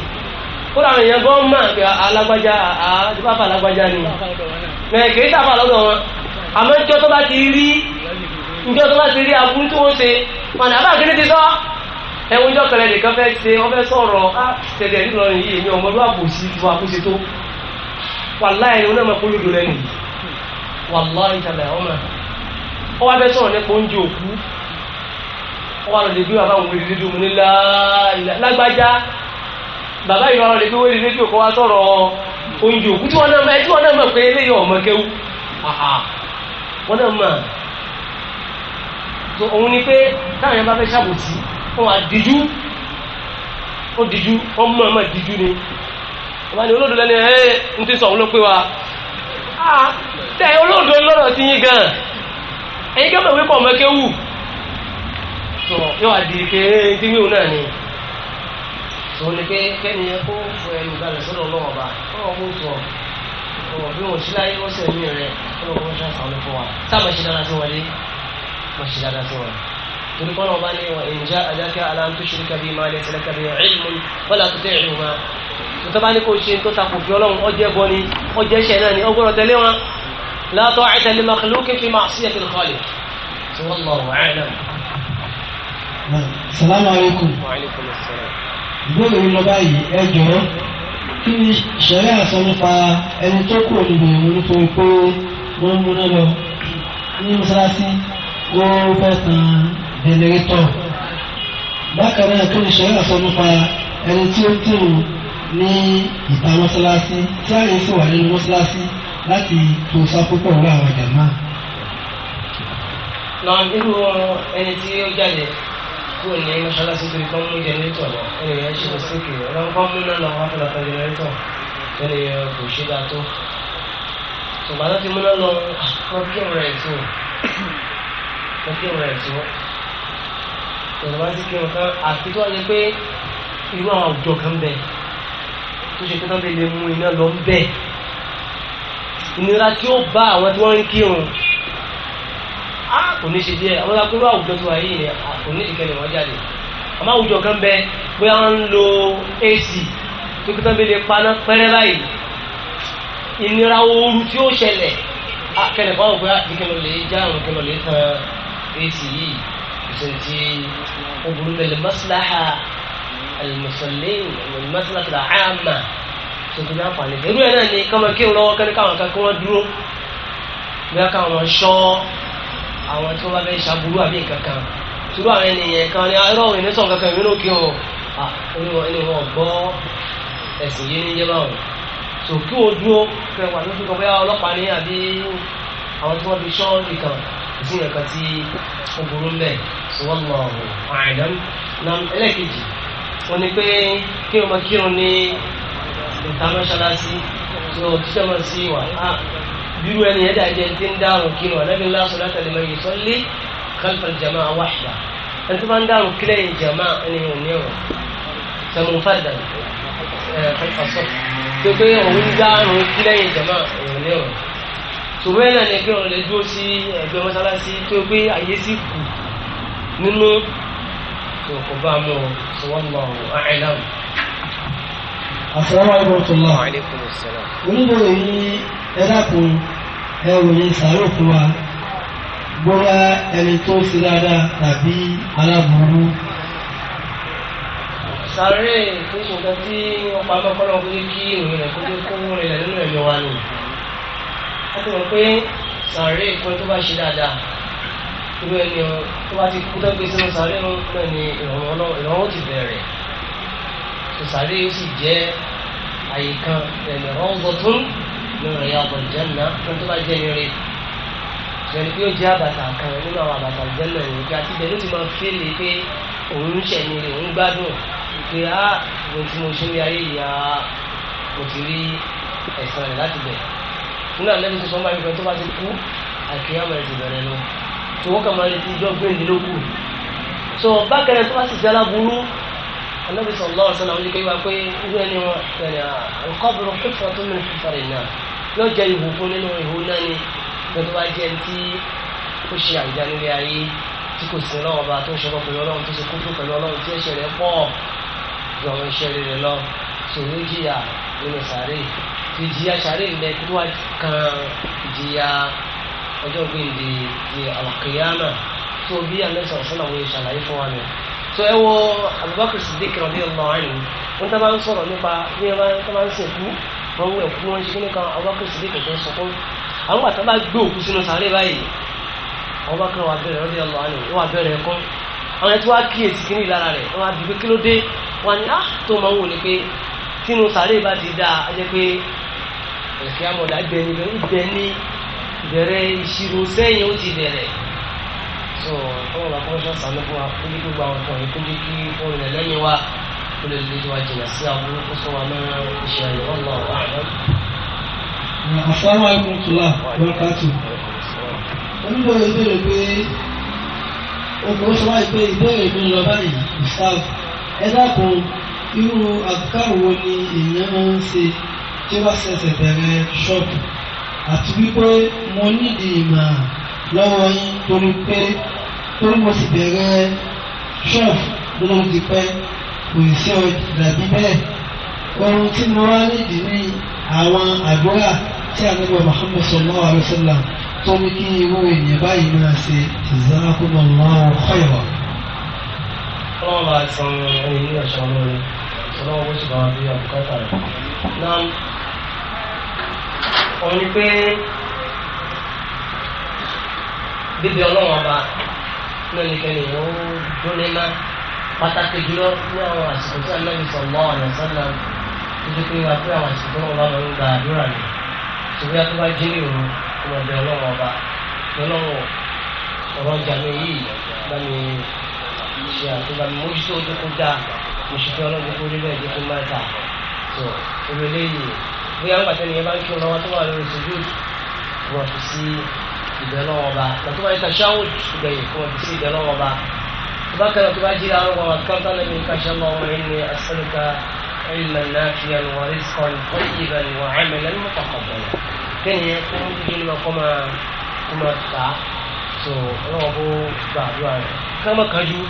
S1: ó làwọn èèyàn alágbájá alágbájá ni lọ́dọ̀ wọn àmọ́ ìjọ tó bá ti rí ìjọ tó bá ti rí aburú tó ń ṣe wọn ni ti sọ nìkan fẹ́ ṣe wọ́n fẹ́ sọ̀rọ̀ á tẹ̀lé yìí ó wá bẹ́ sọ̀rọ̀ nípa oúnjẹ òkú ó wá lọ lè gbé bàbá òun wèrè rédíò mu ní lágbájá bàbá yìí lọ́rọ̀ lè gbé wèrè rédíò kó wá sọ̀rọ̀ oúnjẹ òkú tí wọ́n náà mọ̀ tí wọ́n náà mọ̀ pé eléyìí ọmọ kéwú wọ́n náà mọ̀ tó òun ni pé táwọn yẹn bá fẹ́ ṣàbòsí wọn á díjú ó díjú wọn mọ̀ mọ̀ díjú ni bàbá ni olódò lẹ́ni ẹ̀ ń ti sọ̀ òun ló pé wa ah, tẹ̀ olódò lọ́rọ̀ ti yín gan ẹ̀yin kẹ́mọ̀ ìwé kọ̀ mọ́kẹ́ wù tó yóò wá di pé tí wíwù náà ni tó ní pé kẹ́ni yẹn kó fọ ẹnu balẹ̀ sọ́dọ̀ ọlọ́wọ́ bá ọlọ́wọ́ kó sọ ọ̀rọ̀ bí wọn ò sí láyé wọ́n sì ẹ̀mí rẹ̀ ọlọ́wọ́ wọn ṣáà sàánú fún wa sáà máa ṣe dáadáa sí wọlé máa ṣe dáadáa sí wọlé torí kọ́ ọba ní wa in jā'ahākā alā an tushrika bī mā laysa laka bihi 'ilmun falā tuti'humā tó tọ́ bá ní kó ṣe tó takò fi ọlọ́run ọjẹ́ bọ́ ni ọjẹ́ ṣẹ̀ náà ni ọgbọ́dọ̀ tẹ̀lé wọn. لا طاعة لمخلوق في معصية الخالق والله أعلم
S2: السلام عليكم وعليكم السلام ìbéèrè ń báyìí ẹ kí ni ìṣẹ̀lẹ̀ àṣọ nípa ẹni tó kúrò níbi ìlú nítorí pé wọ́n múná lọ ní mọ́sálásí ó fẹ́ tan jẹnẹrétọ̀ bákan náà kí ni ìṣẹ̀lẹ̀ àṣọ nípa ẹni tí ó tìrù ní ìta mọ́sálásí tí àyè sì wà nínú mọ́sálásí láti tó sápòpọ̀ ọ̀rọ̀ àwọn jàmá.
S1: náà nínú ẹni tí ó jáde kúrò ní mọ́ṣáláṣí torí kan mú jẹnẹrétọ̀ lọ ẹni yẹn ṣe mistake ọlọ́run kan mú náà lọ wá fún ọ̀tọ̀ jẹnẹrétọ̀ ẹni yẹn kò ṣe dáa tó. ṣùgbọ́n láti mú náà lọ ah, wọ́n kí tó wọ́n kí ọ̀rọ̀ ẹ̀ tó ìjọba kí wọn kan àti tó pé irú àwọn àwùjọ kan bẹ tó ṣe pé tán lè ìnira kí ó bá àwọn tí wọ́n ń kírun ah! kò ní ṣe díẹ̀ àwọn akóró àwùjọ tó wà yìí ni ah, kò ní ìkẹlẹ̀ wọ́n jáde àmọ́ àwùjọ kan bẹ bóyá wọ́n ń lo ac tó kí tán bí lè paná pẹ́rẹ́ báyìí ìnira ooru tí ó ṣẹlẹ̀ akẹ́lẹ̀ báwọn bóyá ìkẹlẹ̀ lè já àrùn ìkẹlẹ̀ lè tan ac yìí ìṣèǹtì obìnrin bẹ̀rẹ̀ maslaha al-musallin al-maslaha al tuntun láǹfààní irú ẹ̀ náà ni kọ́mọ kí wọ́n lọ́wọ́ kẹ́ni káwọn kan kí wọ́n dúró bóyá káwọn ṣọ́ àwọn tí wọ́n bá fẹ́ ṣàbúrú àbí nǹkan turu àwọn ènìyàn kan ní irọ́ òun ìmẹ́sàn kankan ìmínú kí wọn ẹni wọn gbọ́ ẹ̀sìn yé níjẹ́ báwọn so kí wọ́n dúró kẹ́ wà lóṣù kan bóyá ọlọ́pàá ní àbí àwọn tí wọ́n fi ṣọ́ nìkan sí nǹkan tí ó ń bẹ̀ so wọ́n lọ àìdán náà ẹlẹ́ẹ̀kejì wọ́n pé kí wọ́n máa kírun ní ìta mọ́ṣáláṣí tó kíṣẹ́ mọ́ sí wà á ah, bírú ẹni yẹn dàbí ẹni tí ń dárun kinu ànábi ńlá sọlá tẹlẹ mọ èyí sọlé kálífà jama wáhìlá ẹni tó bá ń dárun kílẹ̀ yìí jama ẹni yẹn ní ọ̀rọ̀ sẹmu fàdà ẹ kálífà eh, sọ tó pé òun ń dárun kílẹ̀ yìí jama ẹni ní ọ̀rọ̀ tòwé náà ni pé òun lè dúró sí ẹgbẹ́ mọ́ṣáláṣí tó pé ayé sì kù nínú tó bá mú ọ
S2: àtàwọn oníbẹ̀rẹ̀ yìí ẹ̀dàkùn ẹ̀ròyìn sàárò fún wa bóyá ẹni tó ṣe dáadáa tàbí aláburú. sàárè tó ṣe nǹkan tí wọ́n pa lọ́kọ́lọ́ pé kí ìròyìn rẹ̀ kó dé kó wọ́n rẹ̀ nínú ẹ̀yọ wa nù. wọ́n ti mọ̀
S1: pé sàárè pé tó bá ṣe dáadáa irú ẹni tó bá ti kú tó gbé sínú sàárè náà ní ìrànwọ́ ti bẹ̀rẹ̀ sàárè yóò sì jẹ́ àyè kan ẹ̀mí ọ̀gbọ̀n tó ń lọ rẹ̀ ọ̀gbọ̀n jẹ́nà fún tó bá jẹ́ ní rẹ̀ ìṣẹ̀lẹ̀ pé ó jẹ́ àbàtà kan nínú àwọn àbàtà jẹ́nà ìrìn pé àti ibẹ̀ ló ti máa fẹ́lẹ̀ pé òun ń ṣẹ̀mí rẹ̀ òun gbádùn pé á mo ti mo ṣe ní ayé ìyá mo ti rí ẹ̀sán rẹ̀ láti bẹ̀ nínú àlẹ́bí tó sọ máa ń fẹ́ tó bá ti kú àkíyàmọ̀ ẹ̀sìn bẹ̀rẹ̀ lọ النبي صلى الله عليه وسلم يقول لك يعني يعني القبر حفرة من حفر النار لو جاء يهوفون إنه يهوناني gbẹdọ wa jẹ ti ó ṣe àìdánilé ayé tí kò sí ọlọ́run ọba tó ń ṣọwọ́ pẹ̀lú ọlọ́run tó ṣe kúndùn pẹ̀lú ọlọ́run tí ẹ̀ṣẹ̀ rẹ̀ pọ̀ ju àwọn iṣẹ́ rẹ̀ lọ sòrò jìyà nínú sàárè fi jìyà sàárè rẹ̀ kí wọ́n kan jìyà ọjọ́ gbèǹde ti àwàkìyàmà tó bí alẹ́sọ̀ sọ́nà wọ́n ṣàlàyé fún wa nìyẹn tó ẹ wo Abubakar Siddiq radiyallahu anhu wọn tá bá ń sọ̀rọ̀ nípa bí wọn tá bá ń sìnkú wọn wọ ẹ̀kú wọn ṣe kí nìkan Abubakar Siddiq tó ń sọkún àwọn àtàwọn bá gbé òkú sínú sàárè báyìí Abubakar wà bẹ̀rẹ̀ radiyallahu anhu wọn wà bẹ̀rẹ̀ ẹ̀kọ́ àwọn ẹtí wá kíyèsí kíní lára rẹ̀ wọn àbí pé kí ló dé wọn ni ah tó máa ń wò ni pé tínú sàárè bá ti dáa á jẹ́ pé ẹ̀kẹ́ àmọ̀dá gbẹ̀ni gbẹ̀ni ìbẹ̀rẹ̀ ìṣirò sẹ́yìn ó ti bẹ̀rẹ̀ so kọ́mọ̀ bá kọ́mọ̀ sọ̀rọ̀ sànú fún wa kó ní gbogbo àwọn kan yìí kó ní kí fún ilẹ̀ lẹ́yìn wa kó lè lè wa jìnà
S2: Assalamu alaikum tula barakatu. Onígbọ̀dọ̀ ìbéèrè pé okòó sọ wáyé pé ìbéèrè mi lọ báyìí ìsáf. Ẹ dákun irú àkàrò wo ni èèyàn máa ń ṣe tí wọ́n ṣẹ̀ṣẹ̀ bẹ̀rẹ̀ ṣọ́ọ̀bù àti wípé mo nídìí ìmọ̀ràn lọ́wọ́ yín torí pé torí mo sì bẹ̀rẹ̀ ṣọ́ọ̀fù lọ́nà ti pẹ́ kò sí ọjà bíbẹ́ ohun tí mo wá nídìí ní àwọn àdúrà tí ànábì Muhammad sallallahu alaihi wasallam tó ní kí irú ènìyàn báyìí máa ṣe jazakumullahu khairan. ọlọ́run bá san ẹni ní ọ̀ṣọ́ lórí ọlọ́run bó ṣe bá wà bí àbùkátà rẹ̀ náà wọ́n ní pé
S1: bíbi ọlọ́wọ́n ọba náà nìkan nìyẹn ó dúnlé má pàtàkì jùlọ ní àwọn àsìkò tí anábì sọ̀lọ́ ọ̀nà sọ́nà títí pé wá pé àwọn àsìkò náà wà lọ́wọ́ gba àdúrà ni ṣùgbọ́n yàtọ̀ bá jí ní òru ọmọdé ọlọ́wọ́n ọba lọ́wọ́ ọ̀rọ̀ ọjà mi yìí bá mi ṣe àtúbà mi mójútó ojúkú dá mùsùlùmí ọlọ́dún kó rí bẹ́ẹ̀ dínkù tó ìrẹ̀lẹ̀ yìí bóyá ìbẹ̀lọ́ ọba lọ́tọ́ bá yẹ tashahud gbẹ̀yìn fún ọdún sí ìbẹ̀lọ́ ọba tó bá kẹlẹ̀ tó bá jí àwọn ọmọ kọ́ńtà lẹ́nu kàṣẹ lọ́wọ́ ẹni as'aluka ilman nafiyan wa rizqan tayyiban wa 'amalan mutaqabbalan kéèyàn kó ń dídí ní ọkọ máa kó máa tà á tó ọlọ́wọ́ bó gbàdúrà rẹ̀ kámọ́ kájú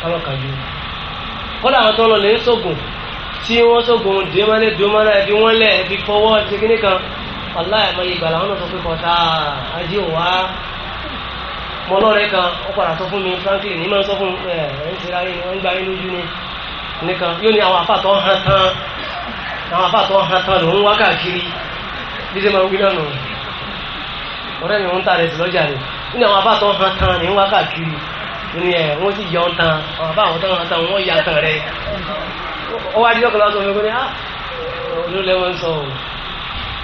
S1: kámọ́ kájú kọ́lá àwọn tó ń lọ lè ń sógun tí wọ́n sógun dèémánlé dèémánlé ẹbí wọ́n lẹ̀ ẹbí fọwọ́ ẹbí wàláyà máa yẹ gbàlà wọn náà sọ pé kọta ajé ò wá mọ lọ́rẹ́ kan ó padà sọ fún mi Franklin ní máa ń sọ fún ẹ ẹ ń sira yín ń gba yín lójú ni nìkan yóò ní àwọn afáàtọ̀ hàn tán àwọn afáàtọ̀ hàn tán lòún wá káàkiri bí ṣe máa ń wí náà nù ọ̀rẹ́ mi ń ta rẹ̀ sí lọ́jà ni ní àwọn afáàtọ̀ hàn tán ní wá káàkiri ní ẹ wọ́n sì yọ tán àwọn afáàtọ̀ hàn tán wọ́n yà tán rẹ̀ ọwọ́ adé ọkọ̀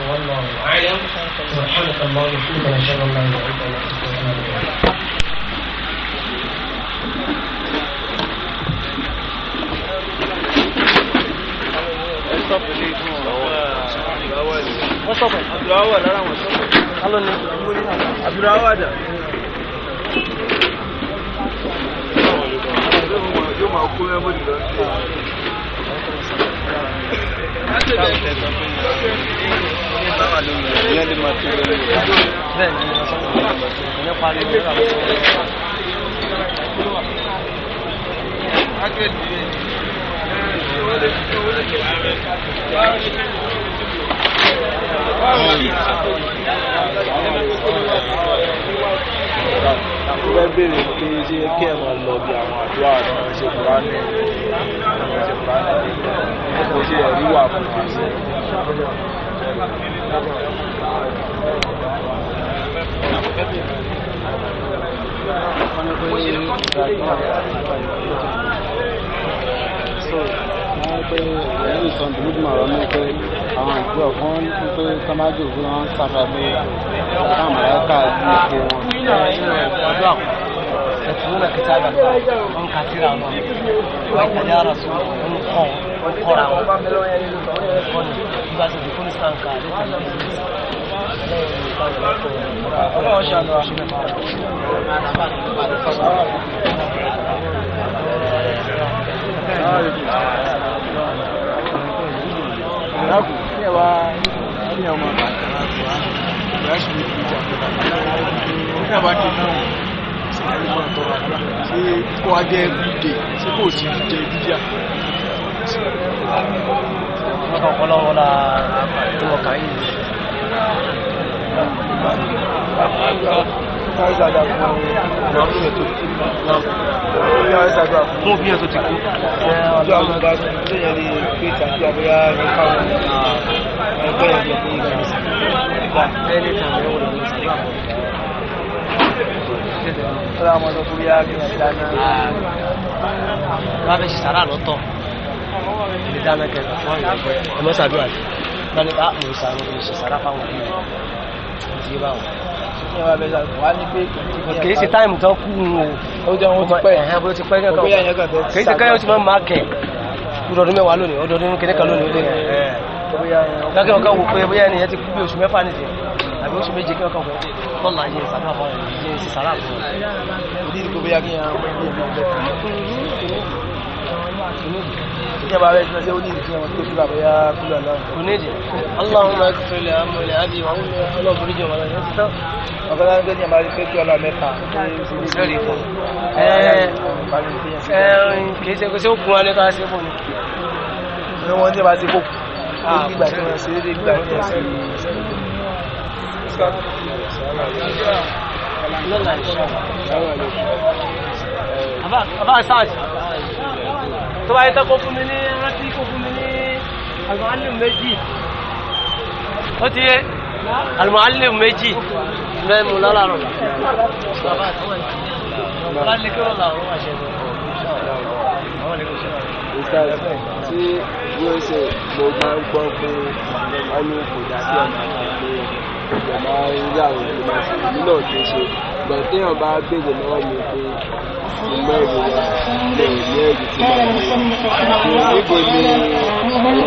S1: والله سبحانك اللهم وبحمدك نشهد
S2: أن ìyẹn lè máa ni ọ̀sán lè máa tó ìyẹn parí rẹ̀ rà lọ́sọ̀ Wọ́n bèèrè pé ṣé kí ẹ máa lọ pé ẹ̀yìn ìtàn dùgbùmọ̀ ọ̀rọ̀ ní pé àwọn ìgbé ọ̀kan ní pé tọ́májò òkú wọn ń sábà pé àwọn ẹ̀ka ìgbé wọn. ọjọ́ àkókò ẹ̀tùnúnà kìtà àgbàdo wọn kà síra wọn wọ́n tẹ̀lé ara sùn ń kọ́ ń kọ́ra
S1: wọn bá ti di fún ìsànkà
S2: Ṣé kó wá jẹ́ bíi dè, ṣé kò sí jẹ́ bíi díà? ولا ولا ولا واقعي fún bí ẹ̀sọ́ ti kú. ọjọ́ àwọn ọba tó yẹ ní pé tàbí àbúyá ní káwọn ẹgbẹ́ ẹ̀jẹ̀ ní ìgbà ìgbà ẹni tàbí ẹ̀wọ̀n ní ìgbà. ọlọ́run ọmọdé kúrú yá kí wọ́n dáná. wọ́n á fẹ́ ṣe sàrà lọ́tọ̀
S1: dáná kẹta wọn yóò fẹ ẹ mọ sàdúrà rẹ wọn ni bá mọ sàrò mọ sọ sàrà fáwọn òbí rẹ kò
S2: sí bá wọn. kì í ṣe táìmù
S1: tó kú nù o ó jẹ́ wọn ti pẹ́ ẹ̀hán bó ti
S2: pẹ́ kẹ́kọ̀ọ́ kì í ṣe káyọ̀ tí wọ́n máa kẹ̀ ọdọọdún mẹ́wàá lónìí ọdọọdún kẹ́kẹ́ lónìí ó lé
S1: lọ́kẹ́ ọ̀kan wò pé bóyá ènìyàn ti kú bí oṣù mẹ́fà nìyẹn àbí oṣù méje kí ọkọ̀ wọ̀ kọ́lá yẹn sàrà fún ẹ̀ yẹn sàrà fún ẹ̀ كما بيتنا سيوني كما تقول شباب يا كل الله ونجي اللهم اغفر لي عمو لأبي وأمي ولا
S2: بريج ولا يسر وقال أنا قد يمالي فيك ولا ميقا سوري فو
S1: kìí ṣe kó ṣe ó kún wa ní ká ṣe fún ni.
S2: ní wọ́n ti bá ti kó ìgbà tí wọ́n ṣe é ìgbà tí wọ́n ṣe é.
S1: Abá Sáàjì tó bá yẹ tán kó fún mi ní rántí kó fún mi ní àlùmọ́álì méjì ó ti yé àlùmọ́álì méjì bẹ́ẹ̀ mú lọ́la
S2: rọ̀ tí yóò ṣe
S1: mo máa ń gbọ́ pé wọ́n ní kò dá
S2: sí ọ̀nà àgbẹ̀ ìjọba ilé àwọn ìlú máa ṣe ìlú náà ti ṣe ìgbà téèyàn bá béèrè lọ́wọ́ mi pé ìmọ̀ èrò wa lè ní ẹ̀rí tí máa ń